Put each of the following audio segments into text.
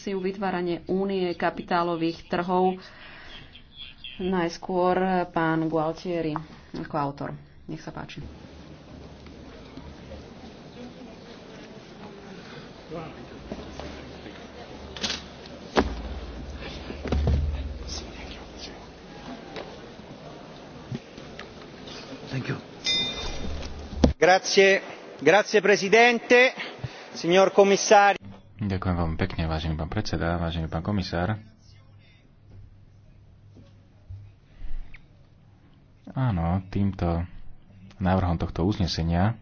komisiu vytváranie únie kapitálových trhov. Najskôr pán Gualtieri ako autor. Nech sa páči. Grazie, grazie presidente signor commissario Ďakujem veľmi pekne, vážený pán predseda, vážený pán komisár. Áno, týmto návrhom tohto uznesenia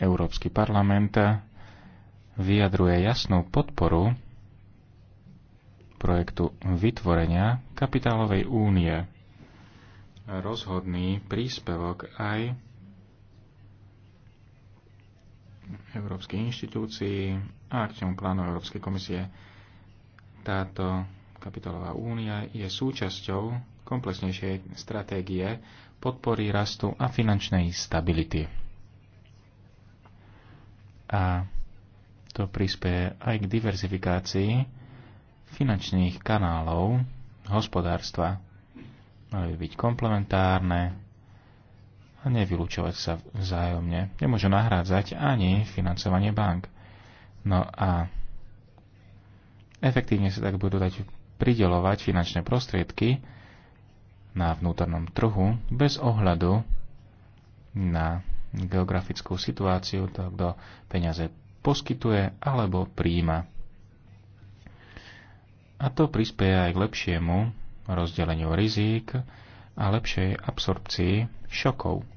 Európsky parlament vyjadruje jasnú podporu projektu vytvorenia kapitálovej únie. Rozhodný príspevok aj Európskej inštitúcii a akčnému plánu Európskej komisie. Táto kapitálová únia je súčasťou komplexnejšej stratégie podpory rastu a finančnej stability. A to prispieje aj k diverzifikácii finančných kanálov hospodárstva. Mali by byť komplementárne, a nevylučovať sa vzájomne. nemôže nahrádzať ani financovanie bank. No a efektívne sa tak budú dať pridelovať finančné prostriedky na vnútornom trhu bez ohľadu na geografickú situáciu, to kto peniaze poskytuje alebo príjima. A to prispieje aj k lepšiemu rozdeleniu rizík a lepšej absorpcii šokov.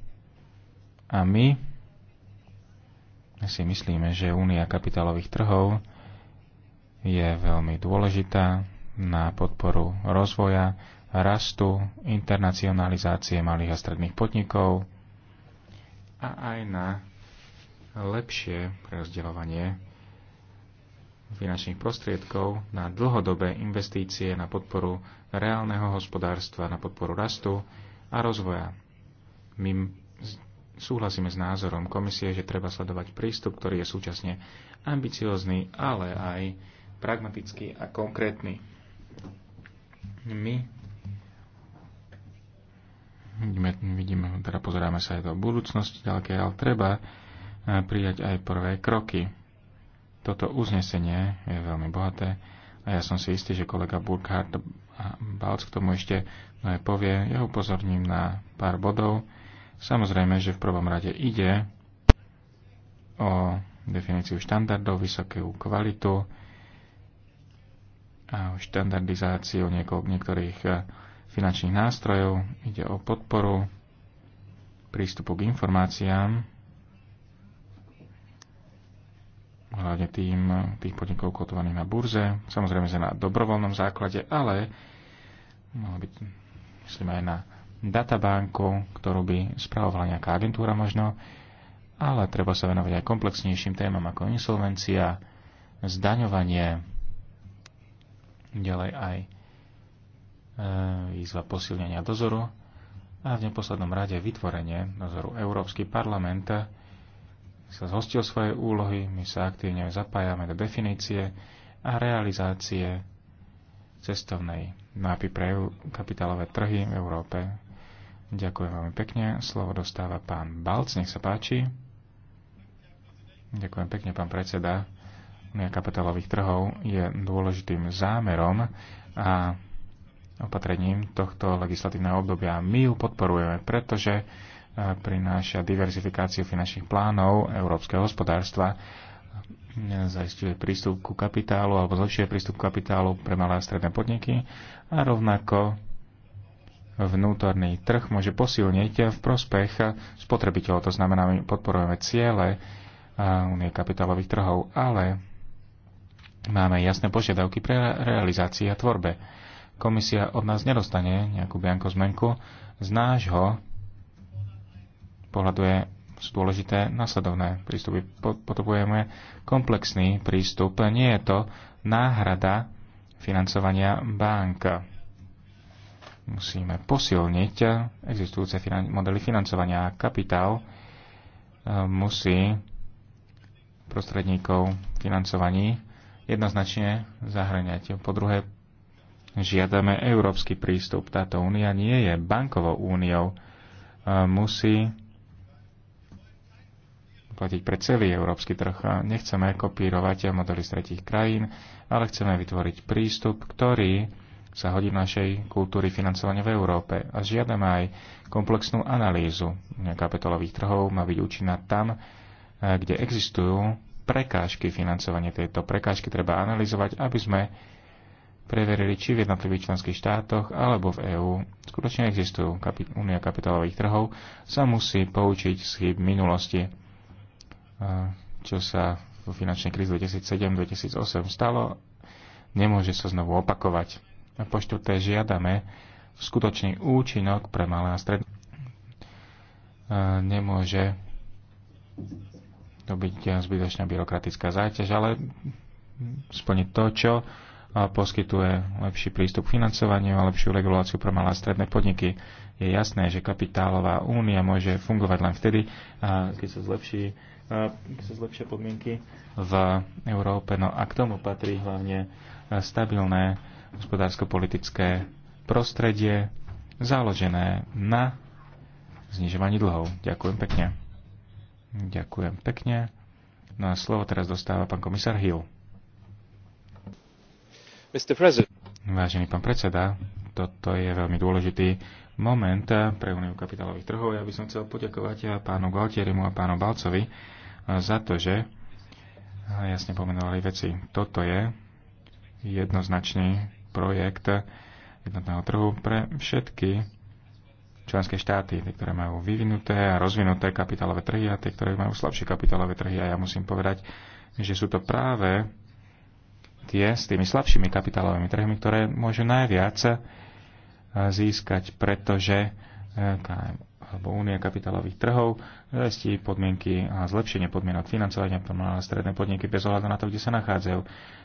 A my si myslíme, že únia kapitálových trhov je veľmi dôležitá na podporu rozvoja, rastu, internacionalizácie malých a stredných podnikov a aj na lepšie preozdeľovanie finančných prostriedkov na dlhodobé investície na podporu reálneho hospodárstva, na podporu rastu a rozvoja. My súhlasíme s názorom komisie, že treba sledovať prístup, ktorý je súčasne ambiciózny, ale aj pragmatický a konkrétny. My vidíme, vidíme teda pozeráme sa aj do budúcnosti ďalkej, ale treba e, prijať aj prvé kroky. Toto uznesenie je veľmi bohaté a ja som si istý, že kolega Burkhard Balc k tomu ešte povie. Ja upozorním na pár bodov Samozrejme, že v prvom rade ide o definíciu štandardov, vysokú kvalitu a o štandardizáciu nieko- niektorých eh, finančných nástrojov. Ide o podporu prístupu k informáciám, hlavne tým, tých podnikov kotovaných na burze, samozrejme že na dobrovoľnom základe, ale mohlo byť, myslím aj na databánku, ktorú by spravovala nejaká agentúra možno, ale treba sa venovať aj komplexnejším témam ako insolvencia, zdaňovanie, ďalej aj e, výzva posilnenia dozoru a v neposlednom rade vytvorenie dozoru Európsky parlament sa zhostil svojej úlohy, my sa aktívne zapájame do definície a realizácie cestovnej mapy pre kapitálové trhy v Európe. Ďakujem veľmi pekne. Slovo dostáva pán Balc, nech sa páči. Ďakujem pekne, pán predseda. Unia kapitálových trhov je dôležitým zámerom a opatrením tohto legislatívneho obdobia. My ju podporujeme, pretože e, prináša diverzifikáciu finančných plánov európskeho hospodárstva, zaistuje prístup ku kapitálu alebo zlepšuje prístup k kapitálu pre malé a stredné podniky a rovnako vnútorný trh môže posilniť v prospech spotrebiteľov. To znamená, my podporujeme ciele eh, Unie kapitálových trhov, ale máme jasné požiadavky pre realizácii a tvorbe. Komisia od nás nedostane nejakú bianko zmenku. Z nášho pohľadu je dôležité nasledovné prístupy. Potrebujeme komplexný prístup. Nie je to náhrada financovania banka musíme posilniť existujúce finan- modely financovania. a Kapitál e, musí prostredníkov financovaní jednoznačne zahraniať. Po druhé, žiadame európsky prístup. Táto únia nie je bankovou úniou. E, musí platiť pre celý európsky trh. E, nechceme kopírovať modely z tretich krajín, ale chceme vytvoriť prístup, ktorý sa hodí v našej kultúry financovania v Európe. A žiadame aj komplexnú analýzu kapitolových trhov, má byť účinná tam, eh, kde existujú prekážky financovania. Tieto prekážky treba analyzovať, aby sme preverili, či v jednotlivých členských štátoch alebo v EÚ skutočne existujú. Únia kapitálových trhov sa musí poučiť z chyb minulosti, eh, čo sa v finančnej kríze 2007-2008 stalo, nemôže sa znovu opakovať. Po štvrté žiadame skutočný účinok pre malé a stredné. Nemôže to byť zbytočná byrokratická záťaž, ale splniť to, čo poskytuje lepší prístup k financovaniu a lepšiu reguláciu pre malé a stredné podniky. Je jasné, že kapitálová únia môže fungovať len vtedy, keď sa, zlepší, keď sa zlepšia podmienky v Európe. No a k tomu patrí hlavne stabilné hospodársko-politické prostredie založené na znižovaní dlhov. Ďakujem pekne. Ďakujem pekne. No a slovo teraz dostáva pán komisár Hill. Vážený pán predseda, toto je veľmi dôležitý moment pre Uniu kapitálových trhov. Ja by som chcel poďakovať pánu Galtierimu a pánu Balcovi za to, že jasne pomenovali veci. Toto je jednoznačný projekt jednotného trhu pre všetky členské štáty, tie, ktoré majú vyvinuté a rozvinuté kapitálové trhy a tie, ktoré majú slabšie kapitálové trhy. A ja musím povedať, že sú to práve tie s tými slabšími kapitálovými trhmi, ktoré môžu najviac získať, pretože eh, alebo Únia kapitálových trhov zistí podmienky a zlepšenie podmienok financovania pre malé stredné podniky bez ohľadu na to, kde sa nachádzajú.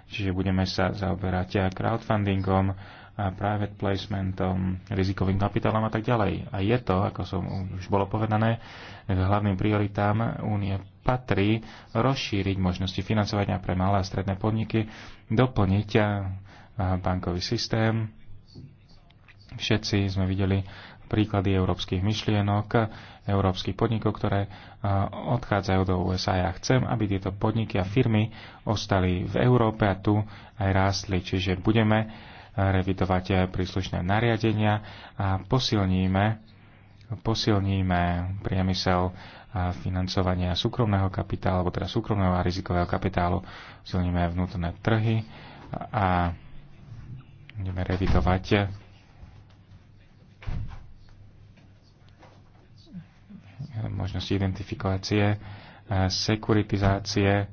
Čiže budeme sa zaoberať crowdfundingom, a private placementom, rizikovým kapitálom a tak ďalej. A je to, ako som už bolo povedané, k hlavným prioritám únie patrí rozšíriť možnosti financovania pre malé a stredné podniky, doplniť bankový systém. Všetci sme videli príklady európskych myšlienok, európskych podnikov, ktoré odchádzajú do USA. Ja chcem, aby tieto podniky a firmy ostali v Európe a tu aj rástli. Čiže budeme revidovať príslušné nariadenia a posilníme, posilníme priemysel financovania súkromného kapitálu, alebo teda súkromného a rizikového kapitálu, posilníme vnútorné trhy a budeme revidovať možnosti identifikácie, e, sekuritizácie,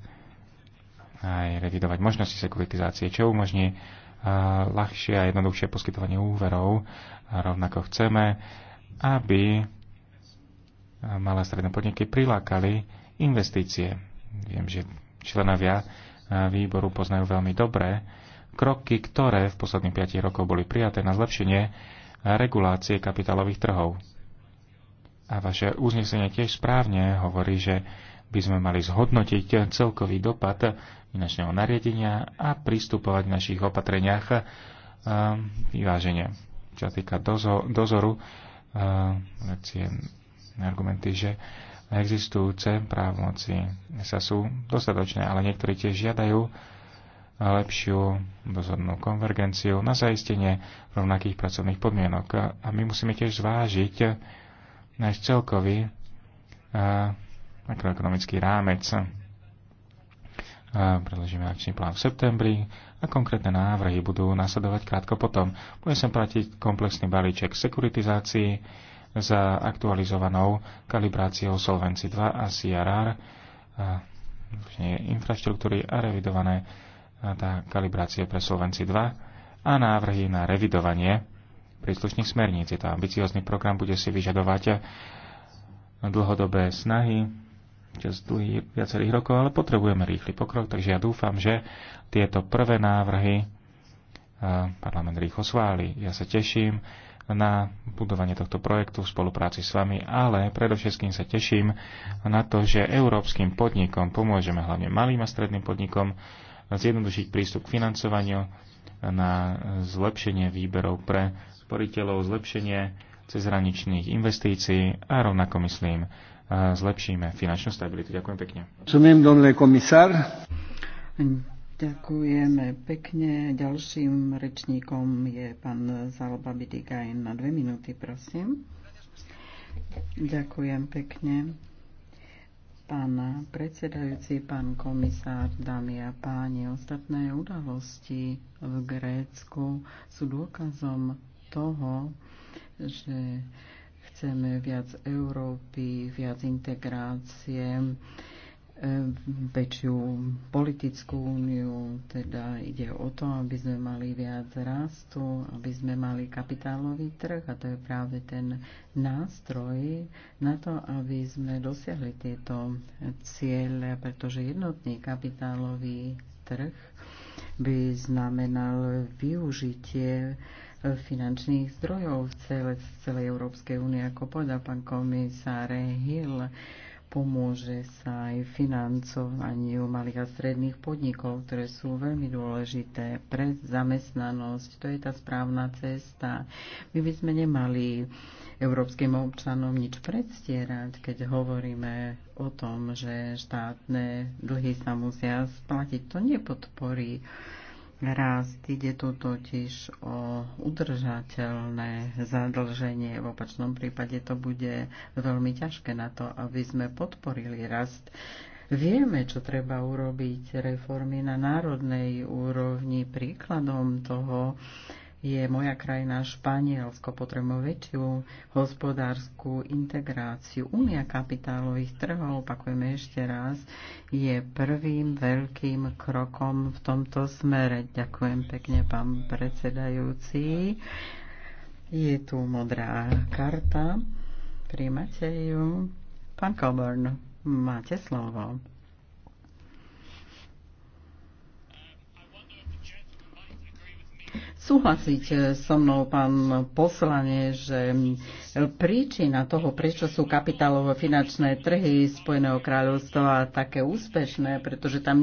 aj revidovať možnosti sekuritizácie, čo umožní e, ľahšie a jednoduchšie poskytovanie úverov. A rovnako chceme, aby e, malé a stredné podniky prilákali investície. Viem, že členovia výboru poznajú veľmi dobre kroky, ktoré v posledných 5 rokoch boli prijaté na zlepšenie regulácie kapitálových trhov a vaše uznesenie tiež správne hovorí, že by sme mali zhodnotiť celkový dopad finančného nariadenia a pristupovať v našich opatreniach um, vyváženie. Čo sa týka dozo- dozoru, um, argumenty, že existujúce právomoci sa sú dostatočné, ale niektorí tiež žiadajú lepšiu dozornú konvergenciu na zaistenie rovnakých pracovných podmienok. A my musíme tiež zvážiť, náš celkový eh, makroekonomický rámec. Eh, predložíme akčný plán v septembri a konkrétne návrhy budú nasledovať krátko potom. Bude sem platiť komplexný balíček sekuritizácií za aktualizovanou kalibráciou Solvency 2 a CRR, eh, infraštruktúry a revidované tá kalibrácie pre Solvency 2 a návrhy na revidovanie príslušných smerníc. Je to ambiciózny program, bude si vyžadovať dlhodobé snahy, čas dlhých viacerých rokov, ale potrebujeme rýchly pokrok, takže ja dúfam, že tieto prvé návrhy e, parlament rýchlo schváli. Ja sa teším na budovanie tohto projektu v spolupráci s vami, ale predovšetkým sa teším na to, že európskym podnikom pomôžeme hlavne malým a stredným podnikom zjednodušiť prístup k financovaniu na zlepšenie výberov pre podporiteľov, zlepšenie cezhraničných investícií a rovnako myslím, e, zlepšíme finančnú stabilitu. Ďakujem pekne. Sumiem, domnule komisár. Ďakujeme pekne. Ďalším rečníkom je pán Zalba Bidigajn na dve minúty, prosím. Ďakujem pekne. Pán predsedajúci, pán komisár, dámy a páni, ostatné udalosti v Grécku sú dôkazom toho, že chceme viac Európy, viac integrácie, e, väčšiu politickú úniu, teda ide o to, aby sme mali viac rastu, aby sme mali kapitálový trh a to je práve ten nástroj na to, aby sme dosiahli tieto ciele, pretože jednotný kapitálový trh by znamenal využitie finančných zdrojov celej, z celej Európskej únie, ako povedal pán komisár Hill. Pomôže sa aj financovaniu malých a stredných podnikov, ktoré sú veľmi dôležité pre zamestnanosť. To je tá správna cesta. My by sme nemali európskym občanom nič predstierať, keď hovoríme o tom, že štátne dlhy sa musia splatiť. To nepodporí uh, rast. Ide tu totiž o udržateľné zadlženie. V opačnom prípade to bude veľmi ťažké na to, aby sme podporili rast. Vieme, čo treba urobiť reformy na národnej úrovni. Príkladom toho je moja krajina Španielsko. Potrebujeme väčšiu hospodárskú integráciu. Únia kapitálových trhov, opakujeme ešte raz, je prvým veľkým krokom v tomto smere. Ďakujem pekne, pán predsedajúci. Je tu modrá karta. Príjmate ju. Pán Coburn, máte slovo. Súhlasíte so mnou, pán poslane, že príčina toho, prečo sú kapitálové finančné trhy Spojeného kráľovstva také úspešné, pretože tam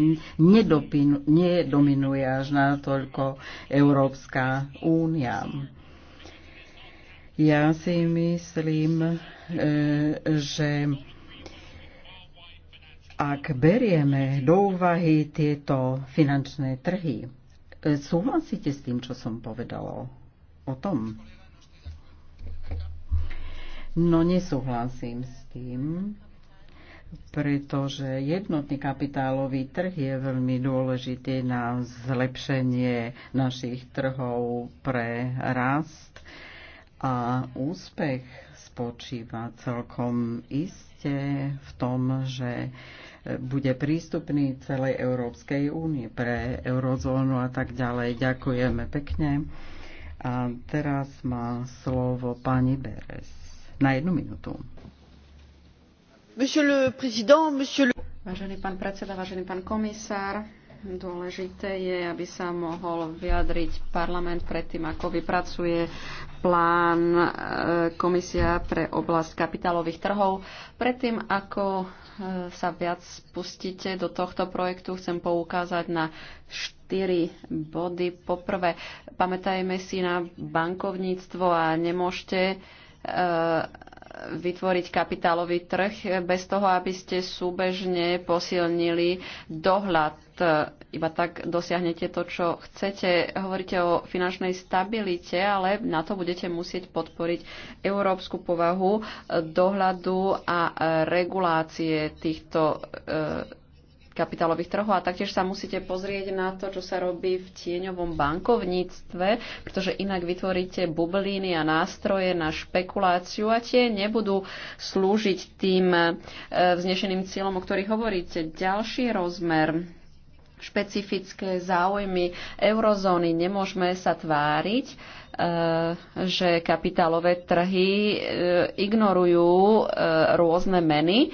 nedominuje až natoľko Európska únia. Ja si myslím, e, že ak berieme do úvahy tieto finančné trhy, E, súhlasíte s tým, čo som povedala o tom? No nesúhlasím s tým, pretože jednotný kapitálový trh je veľmi dôležitý na zlepšenie našich trhov pre rast a úspech spočíva celkom iste v tom, že bude prístupný celej Európskej únie pre eurozónu a tak ďalej. Ďakujeme pekne. A teraz má slovo pani Beres. Na jednu minútu. Monsieur le président, monsieur le... Vážený pán predseda, vážený pán komisár, dôležité je, aby sa mohol vyjadriť parlament predtým, ako vypracuje plán e, Komisia pre oblasť kapitálových trhov. Predtým, ako e, sa viac spustíte do tohto projektu, chcem poukázať na štyri body. Poprvé, pamätajme si na bankovníctvo a nemôžete e, vytvoriť kapitálový trh bez toho, aby ste súbežne posilnili dohľad. Iba tak dosiahnete to, čo chcete. Hovoríte o finančnej stabilite, ale na to budete musieť podporiť európsku povahu dohľadu a regulácie týchto e, kapitálových trhov a taktiež sa musíte pozrieť na to, čo sa robí v tieňovom bankovníctve, pretože inak vytvoríte bubliny a nástroje na špekuláciu a tie nebudú slúžiť tým e, vznešeným cieľom, o ktorých hovoríte. Ďalší rozmer špecifické záujmy eurozóny. Nemôžeme sa tváriť, e, že kapitálové trhy e, ignorujú rôzne meny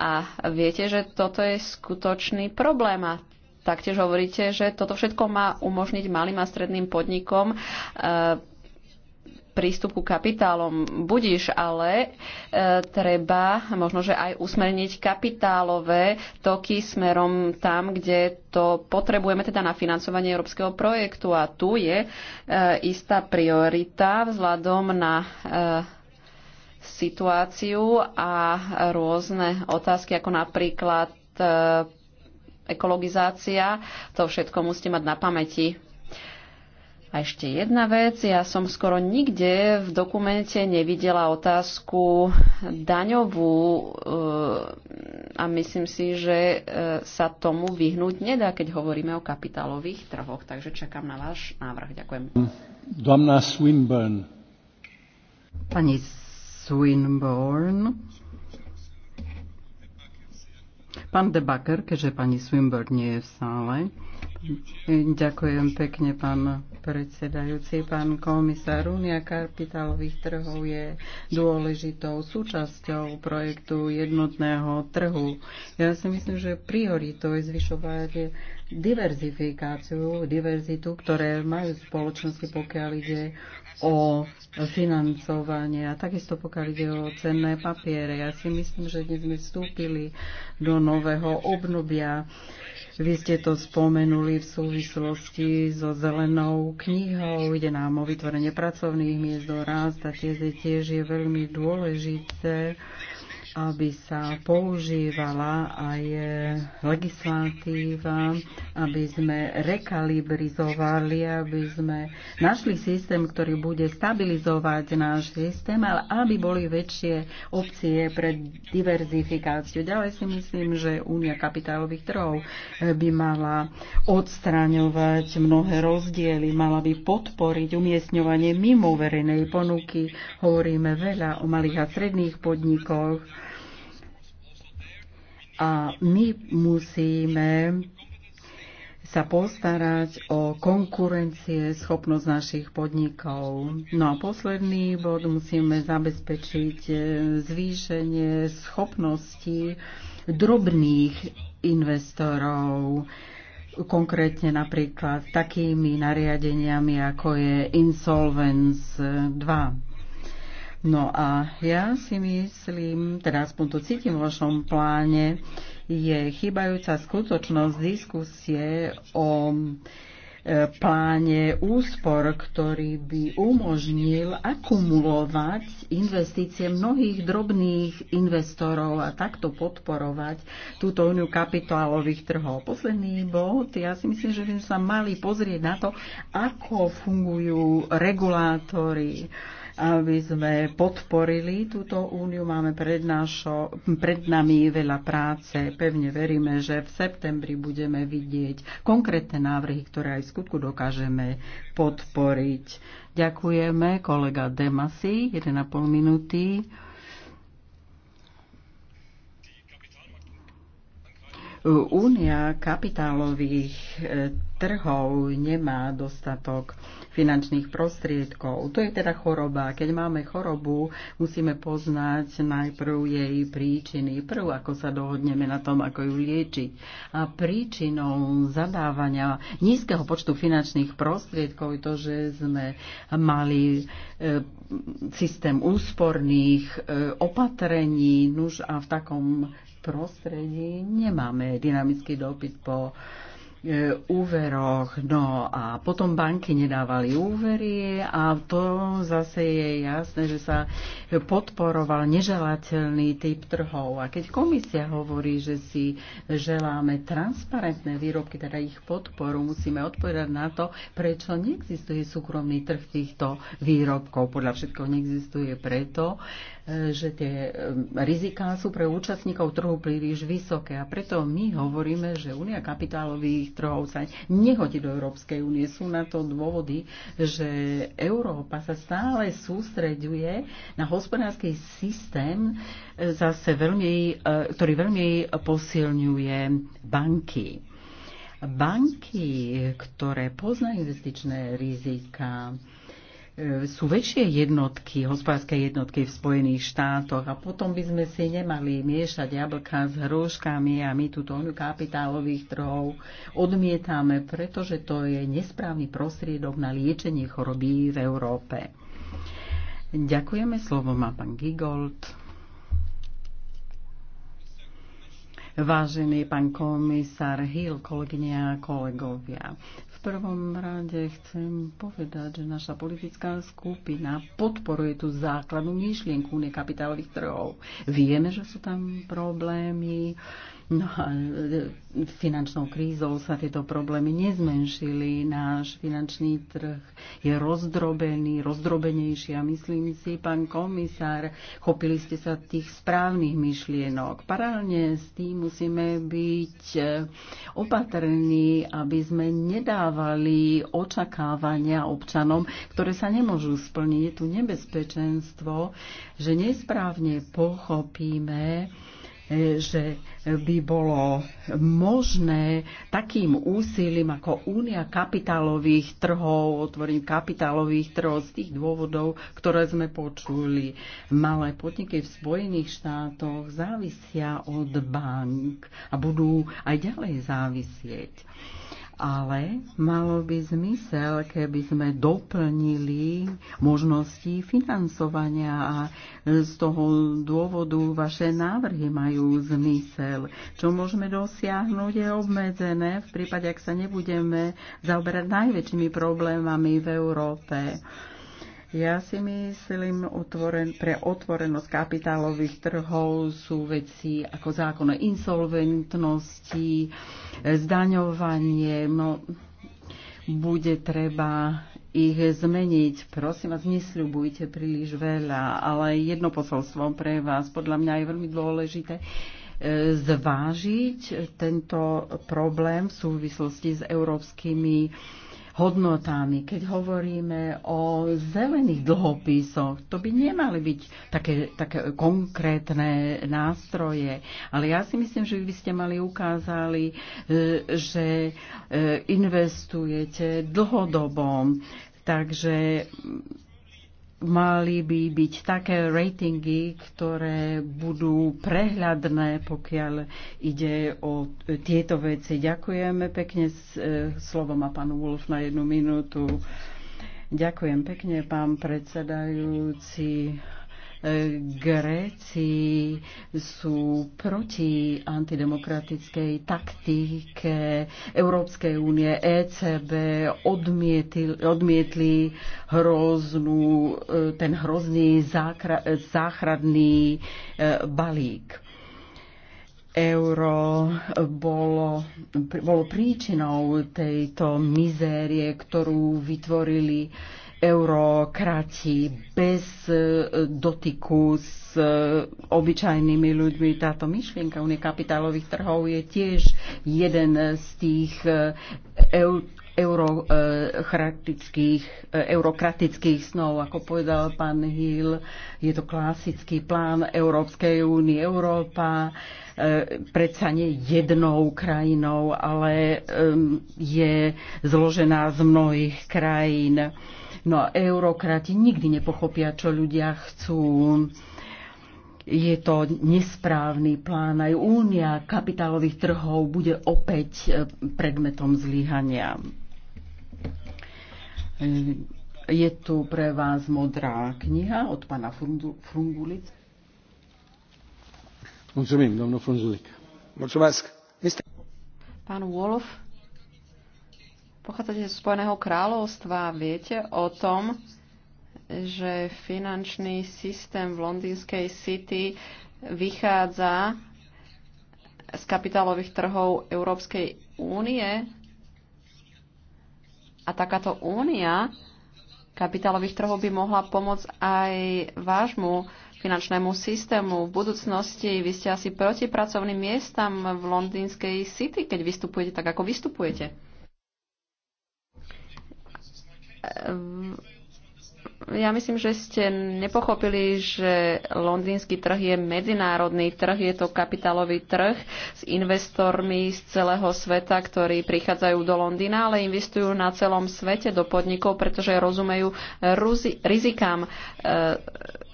a viete, že toto je skutočný problém a taktiež hovoríte, že toto všetko má umožniť malým a stredným podnikom e, prístup ku kapitálom. Budiš, ale e, treba možno, že aj usmerniť kapitálové toky smerom tam, kde to potrebujeme teda na financovanie európskeho projektu. A tu je e, istá priorita vzhľadom na e, situáciu a rôzne otázky, ako napríklad e, ekologizácia. To všetko musíte mať na pamäti. A ešte jedna vec, ja som skoro nikde v dokumente nevidela otázku daňovú e, a myslím si, že e, sa tomu vyhnúť nedá, keď hovoríme o kapitálových trhoch. Takže čakám na váš návrh. Ďakujem. Swinburne. Pani Swinburne. Pán Debaker, keďže pani Swinburne nie je v sále. Ďakujem pekne, pán predsedajúci, pán komisár. Únia kapitálových trhov je dôležitou súčasťou projektu jednotného trhu. Ja si myslím, že prioritou je zvyšovať diverzifikáciu, diverzitu, ktoré majú spoločnosti, pokiaľ ide o financovanie a takisto pokiaľ ide o cenné papiere. Ja si myslím, že dnes sme vstúpili do nového obdobia. Vy ste to spomenuli v súvislosti so zelenou knihou. Ide nám o vytvorenie pracovných miest do rást a tiež je veľmi dôležité aby sa používala aj e, legislatíva, aby sme rekalibrizovali, aby sme našli systém, ktorý bude stabilizovať náš systém, ale aby boli väčšie opcie pre diverzifikáciu. Ďalej si myslím, že Únia kapitálových trhov e, by mala odstraňovať mnohé rozdiely, mala by podporiť umiestňovanie mimo verejnej ponuky. Hovoríme veľa o malých a stredných podnikoch, a my musíme sa postarať o konkurencie, schopnosť našich podnikov. No a posledný bod musíme zabezpečiť e, zvýšenie schopnosti drobných investorov, konkrétne napríklad takými nariadeniami, ako je Insolvence 2. No a ja si myslím, teda aspoň to cítim v vašom pláne, je chýbajúca skutočnosť diskusie o e, pláne úspor, ktorý by umožnil akumulovať investície mnohých drobných investorov a takto podporovať túto úniu kapitálových trhov. Posledný bod, ja si myslím, že by sme sa mali pozrieť na to, ako fungujú regulátory aby sme podporili túto úniu. Máme pred, našo, pred nami veľa práce. Pevne veríme, že v septembri budeme vidieť konkrétne návrhy, ktoré aj skutku dokážeme podporiť. Ďakujeme kolega Demasi, 1,5 minúty. Únia kapitálových e, trhov nemá dostatok finančných prostriedkov. To je teda choroba. Keď máme chorobu, musíme poznať najprv jej príčiny. Prv, ako sa dohodneme na tom, ako ju liečiť. A príčinou zadávania nízkeho počtu finančných prostriedkov je to, že sme mali e, systém úsporných e, opatrení, nuž a v takom prostredí nemáme dynamický dopyt po e, úveroch, no a potom banky nedávali úvery a to zase je jasné, že sa podporoval neželateľný typ trhov. A keď komisia hovorí, že si želáme transparentné výrobky, teda ich podporu, musíme odpovedať na to, prečo neexistuje súkromný trh týchto výrobkov. Podľa všetkého neexistuje preto, že tie e, riziká sú pre účastníkov trhu príliš vysoké a preto my hovoríme, že Únia kapitálových trhov sa nehodí do Európskej únie. Sú na to dôvody, že Európa sa stále sústreďuje na hospodársky systém, e, zase veľmi, e, ktorý veľmi posilňuje banky. Banky, ktoré poznajú investičné rizika, E, sú väčšie jednotky, hospodárske jednotky v Spojených štátoch a potom by sme si nemali miešať jablka s hruškami a my tu onu kapitálových trhov odmietame, pretože to je nesprávny prostriedok na liečenie chorobí v Európe. Ďakujeme, slovo má pán Gigold. Vážený pán komisár Hill, kolegyne a kolegovia, v prvom rade chcem povedať, že naša politická skupina podporuje tú základnú myšlienku nekapitálových trhov. Vieme, že sú tam problémy, No a e, finančnou krízou sa tieto problémy nezmenšili. Náš finančný trh je rozdrobený, rozdrobenejší a myslím si, pán komisár, chopili ste sa tých správnych myšlienok. Paralelne s tým musíme byť e, opatrní, aby sme nedávali očakávania občanom, ktoré sa nemôžu splniť. Je tu nebezpečenstvo, že nesprávne pochopíme, E, že by bolo možné takým úsilím ako Únia kapitálových trhov, otvorím kapitálových trhov z tých dôvodov, ktoré sme počuli. Malé podniky v Spojených štátoch závisia od bank a budú aj ďalej závisieť ale malo by zmysel, keby sme doplnili možnosti financovania a z toho dôvodu vaše návrhy majú zmysel. Čo môžeme dosiahnuť je obmedzené v prípade, ak sa nebudeme zaoberať najväčšími problémami v Európe. Ja si myslím, otvoren, pre otvorenosť kapitálových trhov sú veci ako zákon o insolventnosti, zdaňovanie, no, bude treba ich zmeniť. Prosím vás, nesľubujte príliš veľa, ale jedno posolstvo pre vás podľa mňa je veľmi dôležité e, zvážiť tento problém v súvislosti s európskymi hodnotami. Keď hovoríme o zelených dlhopisoch, to by nemali byť také, také konkrétne nástroje. Ale ja si myslím, že by ste mali ukázali, e, že e, investujete dlhodobom. Takže mali by byť také ratingy, ktoré budú prehľadné, pokiaľ ide o tieto veci. Ďakujeme pekne. E, slovo má pán Wolf na jednu minútu. Ďakujem pekne, pán predsedajúci. Gréci sú proti antidemokratickej taktike Európskej únie, ECB, odmietli, odmietli hroznú, e, ten hrozný zákra, záchranný e, balík euro bolo, bolo príčinou tejto mizérie, ktorú vytvorili eurokrati bez e, dotyku s e, obyčajnými ľuďmi. Táto myšlienka unie kapitálových trhov je tiež jeden z tých e, eurokratických, eurokratických snov. Ako povedal pán Hill, je to klasický plán Európskej únie. Európa predsa nie jednou krajinou, ale je zložená z mnohých krajín No a eurokrati nikdy nepochopia, čo ľudia chcú je to nesprávny plán. Aj únia kapitálových trhov bude opäť e, predmetom zlyhania. E, je tu pre vás modrá kniha od pana Frungulic. Mulțumim, domnul Frunzulic. Mulțumesc. Pán Wolf, pochádzate zo Spojeného kráľovstva. Viete o tom, že finančný systém v londýnskej City vychádza z kapitálových trhov Európskej únie a takáto únia kapitálových trhov by mohla pomôcť aj vášmu finančnému systému v budúcnosti. Vy ste asi proti pracovným miestam v londýnskej City, keď vystupujete tak, ako vystupujete. Ehm, ja myslím, že ste nepochopili, že londýnsky trh je medzinárodný trh, je to kapitálový trh s investormi z celého sveta, ktorí prichádzajú do Londýna, ale investujú na celom svete do podnikov, pretože rozumejú rizikám ehm,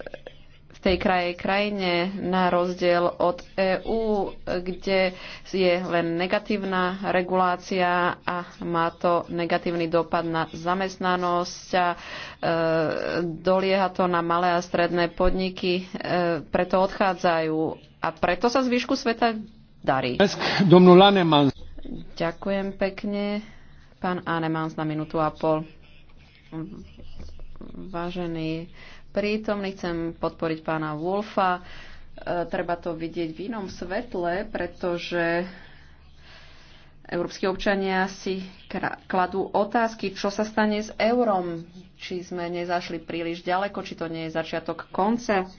tej kraje krajine na rozdiel od EÚ, kde je len negatívna regulácia a má to negatívny dopad na zamestnanosť a e, dolieha to na malé a stredné podniky, e, preto odchádzajú a preto sa zvyšku sveta darí. Ďakujem pekne. Pán Anemans na minútu a pol. Vážený prítomný. Chcem podporiť pána Wolfa. E, treba to vidieť v inom svetle, pretože európsky občania si kladú otázky, čo sa stane s eurom, či sme nezašli príliš ďaleko, či to nie je začiatok konca.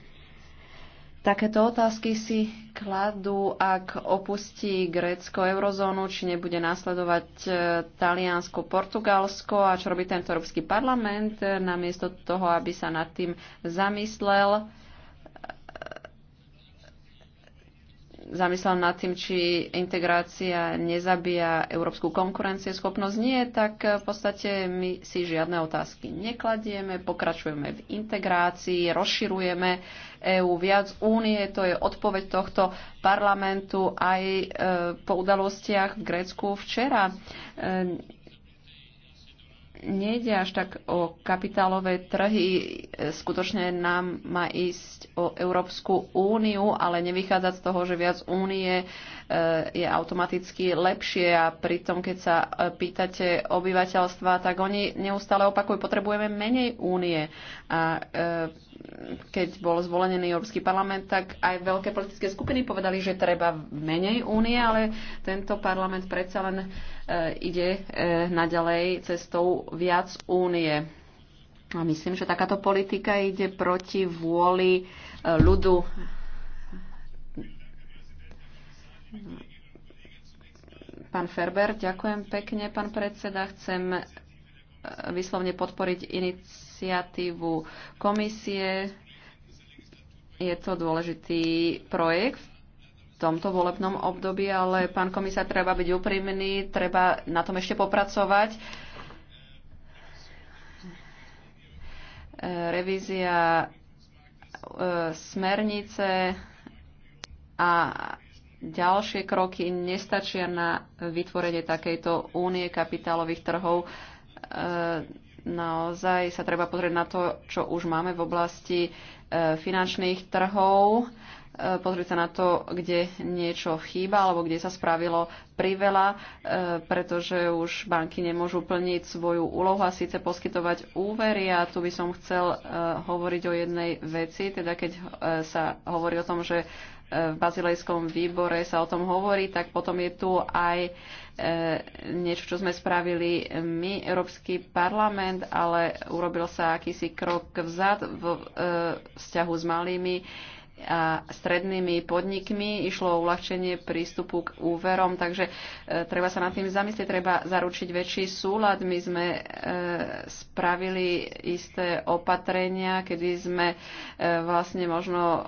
Takéto otázky si kladú, ak opustí Grécko eurozónu, či nebude následovať e, Taliansko, Portugalsko a čo robí tento Európsky parlament, e, namiesto toho, aby sa nad tým zamyslel zamyslel nad tým, či integrácia nezabíja európsku konkurencieschopnosť. Nie, tak v podstate my si žiadne otázky nekladieme, pokračujeme v integrácii, rozširujeme EÚ viac únie, to je odpoveď tohto parlamentu aj e, po udalostiach v Grécku včera e, nejde až tak o kapitálové trhy. Skutočne nám má ísť o Európsku úniu, ale nevychádzať z toho, že viac únie e, je automaticky lepšie a pritom, keď sa e, pýtate obyvateľstva, tak oni neustále opakujú, potrebujeme menej únie. A e, keď bol zvolený Európsky parlament, tak aj veľké politické skupiny povedali, že treba menej únie, ale tento parlament predsa len E, ide e, naďalej cestou viac únie. A myslím, že takáto politika ide proti vôli e, ľudu. Pán Ferber, ďakujem pekne, pán predseda. Chcem vyslovne podporiť iniciatívu komisie. Je to dôležitý projekt v tomto volebnom období, ale pán komisár, treba byť úprimný, treba na tom ešte popracovať. Eh, revízia eh, smernice a ďalšie kroky nestačia na vytvorenie takejto únie kapitálových trhov. Eh, naozaj sa treba pozrieť na to, čo už máme v oblasti finančných trhov E, pozrieť sa na to, kde niečo chýba alebo kde sa spravilo priveľa, e, pretože už banky nemôžu plniť svoju úlohu a síce poskytovať úvery. A tu by som chcel e, hovoriť o jednej veci, teda keď sa hovorí o tom, že v bazilejskom výbore sa o tom hovorí, tak potom je tu aj niečo, čo sme spravili my, Európsky parlament, ale urobil sa akýsi krok vzad v vzťahu s malými a strednými podnikmi. Išlo o uľahčenie prístupu k úverom, takže e, treba sa nad tým zamyslieť, treba zaručiť väčší súlad. My sme e, spravili isté opatrenia, kedy sme e, vlastne možno